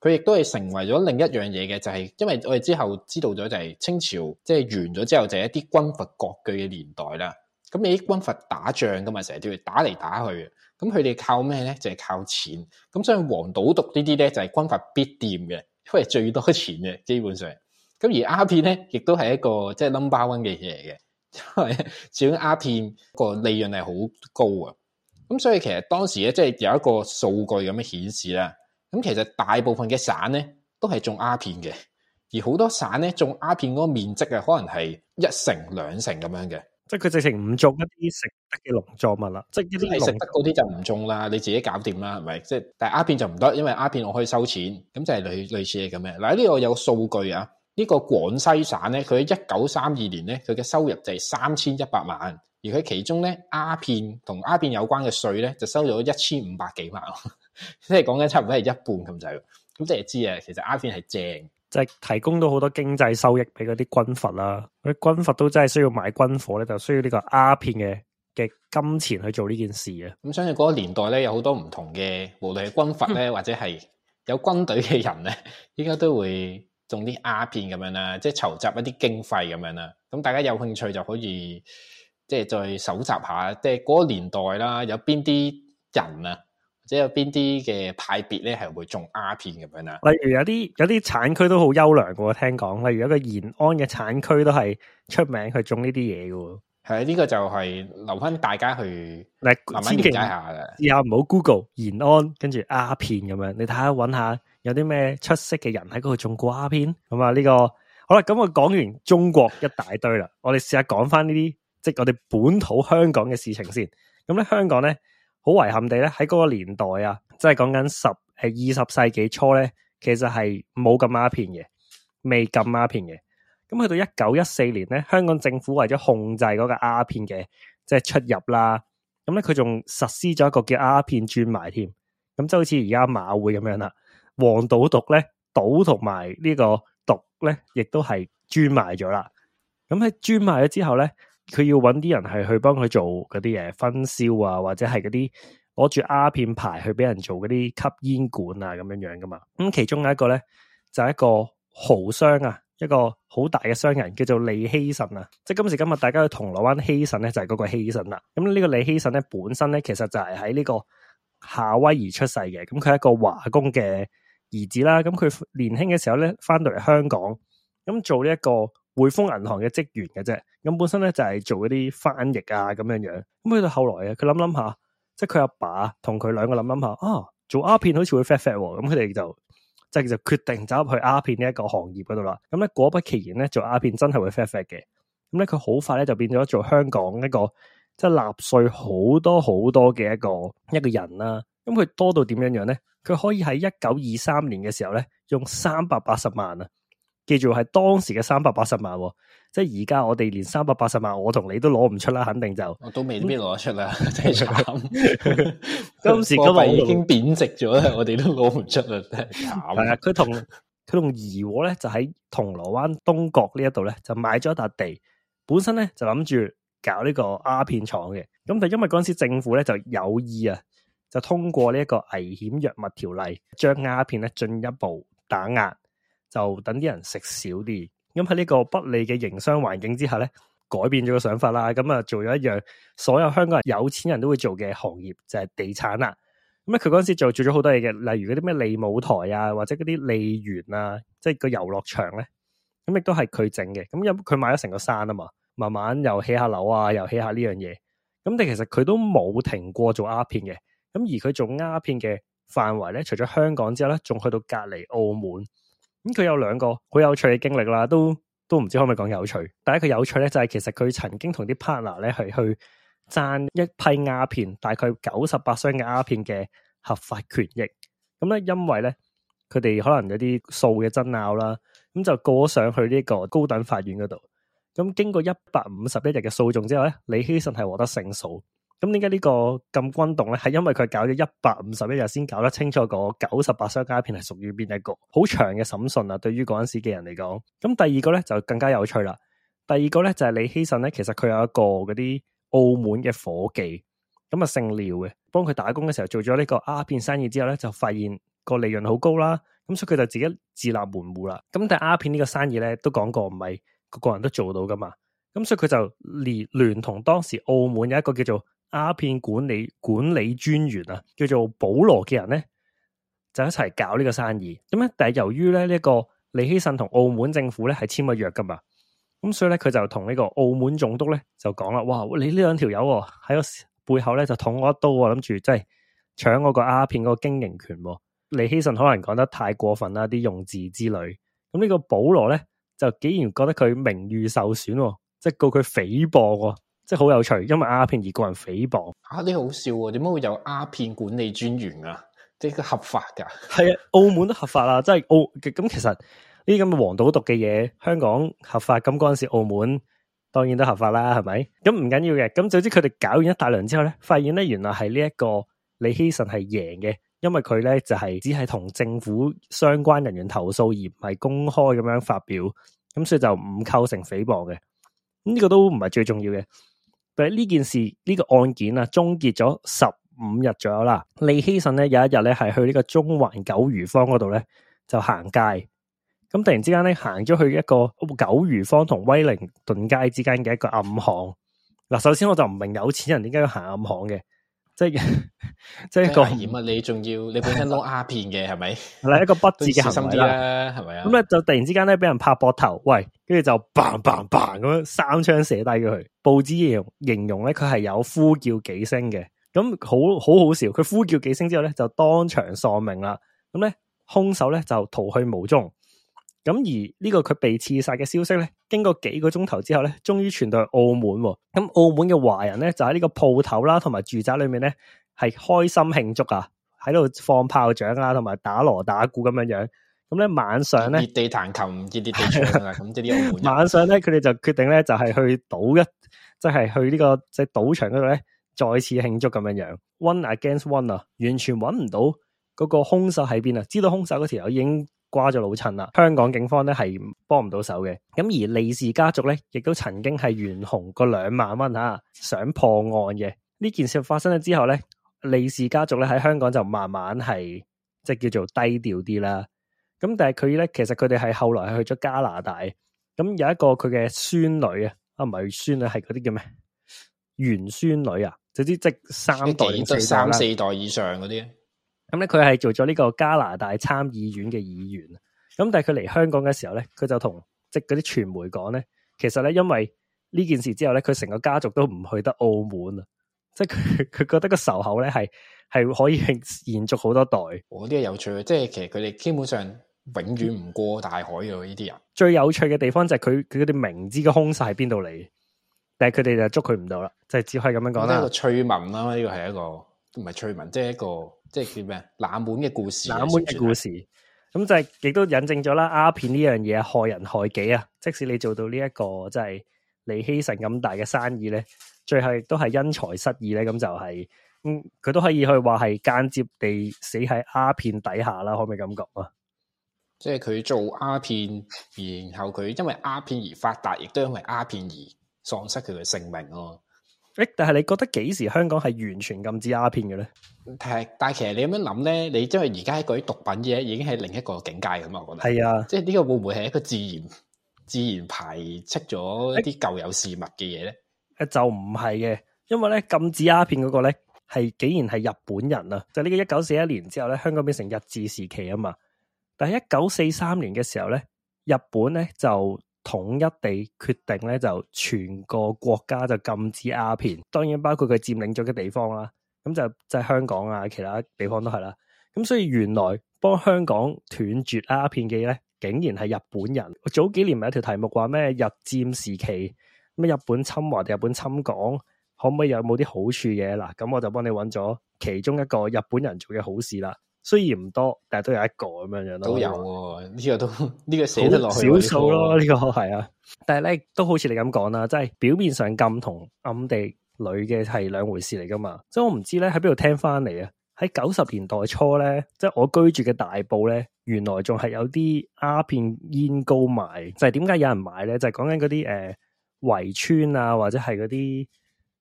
Speaker 2: 佢亦都係成為咗另一樣嘢嘅，就係、是、因為我哋之後知道咗就係清朝即係完咗之後就係一啲軍閥割據嘅年代啦。咁你啲軍閥打仗噶嘛，成日都要打嚟打去。咁佢哋靠咩咧？就係靠錢。咁所以黃賭毒呢啲咧，就係軍閥必掂嘅，因為最多錢嘅基本上。咁而鴉片咧，亦都係一個即係 number one 嘅嘢嚟嘅，因為始終鴉片個利潤係好高啊。咁所以其實當時咧，即係有一個數據咁樣顯示啦。咁其實大部分嘅省咧，都係種鴉片嘅，而好多省咧種鴉片嗰個面積啊，可能係一成兩成咁樣嘅。即係佢直情唔做一啲食
Speaker 1: 得嘅農作物啦，即
Speaker 2: 係呢啲你食得嗰啲就唔種啦，你自己搞掂啦，係咪？即係但係鴉片就唔得，因為鴉片我可以收錢，咁就係類類似係咁樣。嗱呢個有數據啊，呢個廣西省咧，佢喺一九三二年咧，佢嘅收入就係三千一百萬，而佢其中咧鴉片同鴉片有關嘅稅咧，就收咗一千五百幾萬， (laughs) 即係講緊差唔多係一半咁滯。咁即係知啊，其實鴉片係正。
Speaker 1: 即係提供到好多經濟收益俾嗰啲軍閥啦、啊，啲軍閥都真係需要買軍火咧，就需要呢個鴉片嘅嘅金錢去做呢件事啊。
Speaker 2: 咁相信嗰個年代咧，有好多唔同嘅，無論係軍閥咧，或者係有軍隊嘅人咧，應該都會種啲鴉片咁樣啦，即係籌集一啲經費咁樣啦。咁大家有興趣就可以即係再搜集下，即係嗰個年代啦，有邊啲人啊？即係有邊啲嘅派別咧，係會種鴉片咁樣啊？例
Speaker 1: 如有啲有啲產區都好優良嘅，聽講，例如一個延安嘅產區都係出名去種呢啲嘢嘅。係啊，呢、這個就係留翻
Speaker 2: 大家去，
Speaker 1: 嗱，慢慢了解下嘅。以後唔好 Google 延安，跟住鴉片咁樣，你睇下搵下有啲咩出色嘅人喺嗰度種過鴉片。咁啊、這個，呢個好啦，咁我講完中國一大堆啦， (laughs) 我哋試下講翻呢啲，即係我哋本土香港嘅事情先。咁、嗯、咧，香港咧，好遺憾地咧，喺嗰個年代啊，即係講緊十係二十世紀初咧，其實係冇咁鴉片嘅，未禁鴉片嘅。咁去到一九一四年咧，香港政府為咗控制嗰個鴉片嘅即係出入啦，咁咧佢仲實施咗一個叫鴉片專賣添。咁就好似而家馬會咁樣啦，黃賭毒咧賭同埋呢個毒咧，亦都係專賣咗啦。咁喺專賣咗之後咧，佢要揾啲人係去幫佢做嗰啲嘢分銷啊，或者係嗰啲攞住鴉片牌去俾人做嗰啲吸煙管啊，咁樣樣㗎嘛。咁、嗯、其中有一個咧就是、一個豪商啊，一個好大嘅商人叫做利希慎啊。即係今時今日大家去銅鑼灣希慎咧，就係、是、嗰個希慎啦、啊。咁、嗯、呢、這個利希慎咧本身咧其實就係喺呢個夏威夷出世嘅，咁佢係一個華工嘅兒子啦。咁、嗯、佢年輕嘅時候咧返到嚟香港，咁、嗯、做呢、這、一個。匯豐銀行嘅職員嘅啫，咁本身咧就係做一啲翻譯啊咁樣樣。咁去到後來啊，佢諗諗下，即係佢阿爸同佢兩個諗諗下，啊，做鴉片好似會 fat fat，咁佢哋就即係、就決定走入去鴉片呢一個行業嗰度啦。咁咧果不其然咧，做鴉片真係會 fat fat 嘅。咁咧佢好快咧就變咗做香港一個即係納稅好多好多嘅一個一個人啦。咁、啊、佢多到點樣樣咧？佢可以喺一九二三年嘅時候咧，用三百八十萬啊。記住係當時嘅三百八十萬，即係而家我哋連三百八十萬，我同你都攞唔出啦，肯定就，我都未必攞得出啦，真係慘。
Speaker 2: 當時嗰位已經
Speaker 1: 貶值咗啦，我哋都攞唔出啊，真係啊，佢同佢同怡和咧就喺銅鑼灣東角呢一度咧就買咗一笪地，本身咧就諗住搞呢個鴉片廠嘅，咁但因為嗰陣時政府咧就有意啊，就通過呢一個危險藥物條例，將鴉片咧進一步打壓。就等啲人食少啲，咁喺呢個不利嘅營商環境之下咧，改變咗個想法啦。咁啊，做咗一樣所有香港人有錢人都會做嘅行業就係地產啦。咁啊，佢嗰陣時就做咗好多嘢嘅，例如嗰啲咩利舞台啊，或者嗰啲利園啊，即係個遊樂場咧，咁亦都係佢整嘅。咁因佢買咗成個山啊嘛，慢慢又起下樓啊，又起下呢樣嘢。咁但其實佢都冇停過做鴉片嘅。咁而佢做鴉片嘅範圍咧，除咗香港之後咧，仲去到隔籬澳門。咁佢、嗯、有兩個好有趣嘅經歷啦，都都唔知可唔可以講有趣。第一個有趣咧，就係其實佢曾經同啲 partner 咧係去爭一批鴉片，大概九十八箱嘅鴉片嘅合法權益。咁、嗯、咧，因為咧佢哋可能有啲數嘅爭拗啦，咁、嗯、就過上去呢個高等法院嗰度。咁、嗯、經過一百五十一日嘅訴訟之後咧，利希慎係獲得勝訴。咁點解呢個咁轟動咧？係因為佢搞咗一百五十一日先搞得清楚個九十八箱鴉片係屬於邊一個，好長嘅審訊啊！對於嗰陣時嘅人嚟講，咁第二個咧就更加有趣啦。第二個咧就係、是、李希慎咧，其實佢有一個嗰啲澳門嘅伙計，咁啊姓廖嘅，幫佢打工嘅時候做咗呢個鴉片生意之後咧，就發現個利潤好高啦。咁所以佢就自己自立門戶啦。咁但係鴉片呢個生意咧都講過唔係個個人都做到噶嘛。咁所以佢就聯聯同當時澳門有一個叫做。鴉片管理管理專員啊，叫做保羅嘅人咧，就一齊搞呢個生意。咁咧，但係由於咧呢、這個利希慎同澳門政府咧係簽咗約噶嘛，咁所以咧佢就同呢個澳門總督咧就講啦：，哇，你呢兩條友喺個背後咧就捅我一刀，諗住即係搶我個鴉片嗰個經營權。利希慎可能講得太過分啦，啲用字之類。咁、嗯、呢、這個保羅咧就竟然覺得佢名譽受損，即係告佢誹謗喎。即係好有趣，因為鴉片而個人
Speaker 2: 誹謗。啊，你好笑啊、哦！點解會有鴉片管理專員啊？即係合法噶？
Speaker 1: 係啊， (laughs) 澳門都合法啦。即係澳咁，哦、其實呢啲咁嘅黃賭毒嘅嘢，香港合法，咁嗰陣時澳門當然都合法啦，係咪？咁唔緊要嘅。咁總知佢哋搞完一大輪之後咧，發現咧原來係呢一個利希慎係贏嘅，因為佢咧就係、是、只係同政府相關人員投訴而唔係公開咁樣發表，咁所以就唔構成誹謗嘅。咁呢個都唔係最重要嘅。佢呢件事呢、這個案件啊，終結咗十五日左右啦。利希慎咧有一日咧，係去呢個中環九如坊嗰度咧就行街，咁、嗯、突然之間咧行咗去一個九如坊同威靈頓街之間嘅一個暗巷。嗱，首先我就唔明有錢人點解要行暗巷嘅。 (laughs) 即係即係個
Speaker 2: 危啊！你仲要你本身攞鴉片嘅係咪？係 (laughs) 一個不字嘅行為啦，係咪啊？咁、嗯、
Speaker 1: 咧、嗯嗯、就突然之間咧俾人拍膊頭，喂，跟住就嘭嘭 n 咁樣三槍射低佢。報紙形容咧，佢係有呼叫幾聲嘅，咁好好好笑。佢呼叫幾聲之後咧，就當場喪命啦。咁咧，凶手咧就逃去無蹤。咁而呢個佢被刺殺嘅消息咧。經過幾個鐘頭之後咧，終於傳到去澳門。咁澳門嘅華人咧，就喺呢個鋪頭啦，同埋住宅裏面咧，係開心慶祝啊，喺度放炮仗啊，同埋打鑼打鼓咁樣樣。咁咧晚上咧，熱地彈琴唔見熱地唱啊。咁即啲澳門晚上咧，佢哋就決定咧，就係去賭一，即係去呢個即係賭場嗰度咧，再次慶祝咁樣樣。One against one 啊，完全揾唔到嗰個兇手喺邊啊！知道兇手嗰條友已經。瓜咗老襯啦！香港警方咧係幫唔到手嘅，咁而利氏家族咧亦都曾經係懸紅過兩萬蚊吓、啊，想破案嘅呢件事發生咗之後咧，利氏家族咧喺香港就慢慢係即係叫做低調啲啦。咁但係佢咧其實佢哋係後來係去咗加拿大，咁有一個佢嘅孫、啊、孫、孫女啊，啊唔係孫女係嗰啲叫咩玄孫女啊，就之即三代即代三四
Speaker 2: 代以上嗰啲。
Speaker 1: 咁咧，佢係、嗯、做咗呢個加拿大參議院嘅議員。咁、嗯、但係佢嚟香港嘅時候咧，佢就同即係嗰啲傳媒講咧，其實咧因為呢件事之後咧，佢成個家族都唔去得澳門啊。即係佢佢覺得個仇口咧係係可以延續好多代。我啲有趣，嘅，即係
Speaker 2: 其實佢哋基本上永遠唔過大海嘅呢啲人。
Speaker 1: 最有趣嘅地方就係佢佢嗰啲明知個兇手喺邊度嚟，但係佢哋就捉佢唔到啦。就只可以咁樣講啦。呢、啊這個趣聞啦，呢個係一個唔係趣聞，即係一個。即係叫咩？冷門嘅故、啊、故事，冷門嘅故事，咁就係亦都引證咗啦。鴉片呢樣嘢害人害己啊！即使你做到呢一個即係利希慎咁大嘅生意咧，最後都係因財失義咧。咁就係、是，嗯，佢都可以去話係間接地死喺鴉片底下啦、啊。可唔可以咁講啊？
Speaker 2: 即係佢做鴉片，然後佢因為鴉片而發達，亦都因為鴉片而喪失佢嘅性命咯、啊。但係你覺得幾時香港係完全禁止鴉片嘅咧？但係其實你咁樣諗咧，你因為而家喺嗰啲毒品嘢，已經係另一個境界咁嘛。我覺得係是啊，即係呢個會唔會係一個自然自然
Speaker 1: 排斥咗一啲舊有事物嘅嘢咧？就唔係嘅，因為咧禁止鴉片嗰個咧係竟然係日本人啊，就呢個一九四一年之後咧，香港變成日治時期啊嘛，但係一九四三年嘅時候咧，日本咧就。統一地決定咧，就全個國家就禁止鴉片，當然包括佢佔領咗嘅地方啦。咁就即係、就是、香港啊，其他地方都係啦。咁所以原來幫香港斷絕鴉片嘅咧，竟然係日本人。早幾年咪有條題目話咩？日佔時期，咁日本侵華定日本侵港，可唔可以有冇啲好處嘅？嗱，咁我就幫你揾咗其中一個日本人做嘅好事啦。雖然唔多，但係都有一個咁樣樣咯。都有喎、啊，呢 (laughs) 個都呢、這個寫得落去少數咯，呢個係啊。這個、 (laughs) 但係咧，都好似你咁講啦，即係表面上咁同暗地裏嘅係兩回事嚟噶嘛。即係我唔知咧喺邊度聽翻嚟啊。喺九十年代初咧，即係我居住嘅大埔咧，原來仲係有啲鴉片煙膏賣。就係點解有人買咧？就係講緊嗰啲誒圍村啊，或者係嗰啲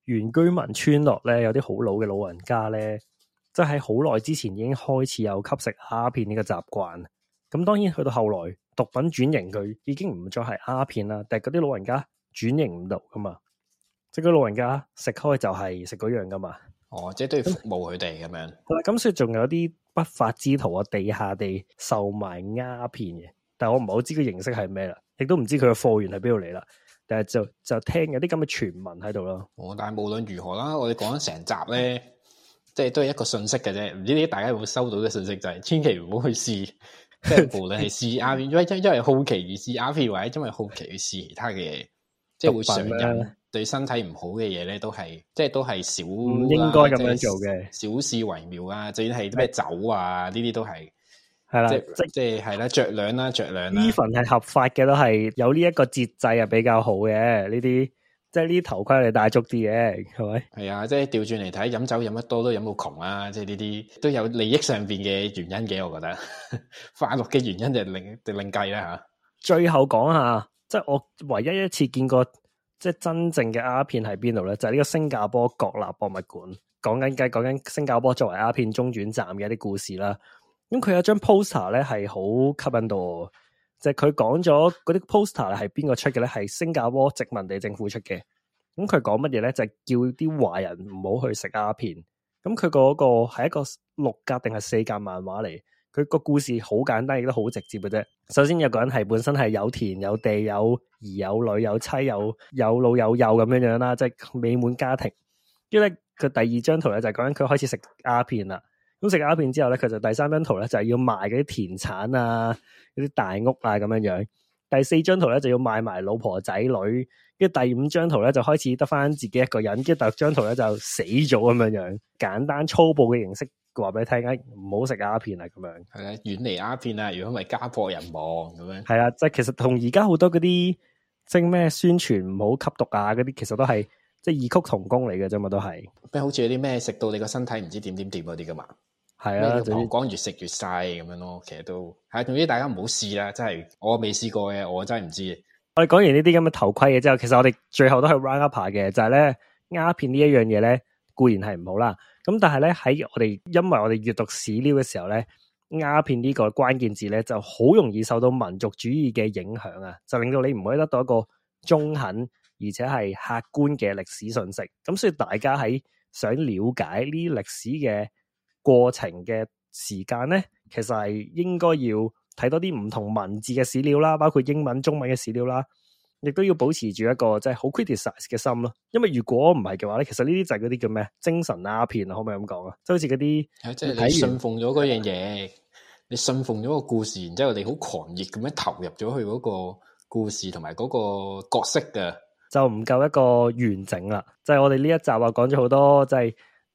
Speaker 1: 原居民村落咧，有啲好老嘅老人家咧。就喺好耐之前已經開始有吸食鴉片呢個習慣，咁當然去到後來毒品轉型，佢已經唔再係鴉片啦。但係嗰啲老人家轉型唔到噶嘛，即係嗰老人家食開就係食嗰樣噶嘛。哦，即係都要服務佢哋咁樣。嗱、嗯，咁、嗯、所以仲有啲不法之徒啊，地下地售賣鴉片嘅，但係我唔係好知佢形式係咩啦，亦都唔知佢嘅貨源喺邊度嚟啦。但係就就聽有啲咁嘅傳聞喺度咯。哦，但係無論如何啦，我哋講
Speaker 2: 咗成集咧。即係都係一個信息嘅啫，唔知呢啲大家有冇收到嘅信息就係，千祈唔好去試，即係無論係試鴉片，因為因為好奇而試鴉片，或者因為好奇去試其他嘅嘢，即係會上癮，對身體唔好嘅嘢咧，即是都係即係都係少，唔應該咁樣做嘅，小事為妙啊，最係咩酒啊，呢啲對都係
Speaker 1: 係啦，了即係是即係係啦，着量啦，着量啦，even 係合法嘅都係有呢一個節制係，比較好嘅呢啲。即係呢啲頭盔你戴足啲嘅，係咪？係啊，即係
Speaker 2: 調轉嚟睇，飲酒飲得多都飲到窮啊。即係呢啲都有利益上邊嘅原因嘅，我覺得。快樂嘅原因就另就另計啦吓。
Speaker 1: 最後講下，即係我唯一一次見過即係真正嘅鴉片喺邊度咧，就係、是、呢個新加坡國立博物館講緊計講緊新加坡作為鴉片中轉站嘅一啲故事啦。咁、嗯、佢有張 poster 咧，係好吸引到。就係佢講咗嗰啲 poster 咧係邊個出嘅咧？係新加坡殖民地政府出嘅。咁佢講乜嘢咧？就係叫啲華人唔好去食鴉片。咁佢嗰個係一個六格定係四格漫畫嚟。佢個故事好簡單，亦都好直接嘅啫。首先有個人係本身係有田有地，有兒有女，有妻有有老有幼咁樣樣啦，即係美滿家庭。跟住咧，佢第二張圖咧就係講緊佢開始食鴉片啦。咁食鴉片之後咧，其實第三張圖咧就係要賣嗰啲田產啊，嗰啲大屋啊咁樣樣。第四張圖咧就要賣埋老婆仔女，跟住第五張圖咧就開始得翻自己一個人，跟住第六張圖咧就死咗咁樣樣。簡單粗暴嘅形式話俾你聽，誒唔好食鴉片啊，咁樣係 (laughs) 啊，
Speaker 2: 遠離鴉片啊，如果唔係家破人亡咁樣。
Speaker 1: 係啊，即係其實同而家好多嗰啲即咩宣傳唔好吸毒啊嗰啲，其實都係即係異曲同工嚟嘅啫嘛，都係
Speaker 2: 咩好似有啲咩食到你個身體唔知點點點嗰啲噶嘛。係啊，講越食越晒咁樣咯，其實都係，總之大家唔好試啦，真係我未試過嘅，我真係唔知。
Speaker 1: 我哋講完呢啲咁嘅頭盔嘅之後，其實我哋最後都係 round up 嘅，就係咧鴉片呢一樣嘢，咧固然係唔好啦，咁但係咧喺我哋因為我哋閱讀史料嘅時候咧，鴉片呢個關鍵字咧就好容易受到民族主義嘅影響啊，就令到你唔可以得到一個中肯而且係客觀嘅歷史信息。咁所以大家喺想了解呢啲歷史嘅。過程嘅時間咧，其實係應該要睇多啲唔同文字嘅史料啦，包括英文、中文嘅史料啦，亦都要保持住一個即係好 critical 嘅心咯。因為如果唔係嘅話咧，其實呢啲就係嗰啲叫咩精神鴉片，可唔可以咁講啊？就即係好似嗰啲，即係你信奉咗嗰樣嘢，吧你
Speaker 2: 信奉咗個故事，然之後你好狂熱咁樣投入咗去嗰個故事同埋嗰個角色嘅，
Speaker 1: 就唔夠一個完整啦。就係、是、我哋呢一集啊，講咗好多，就係、是。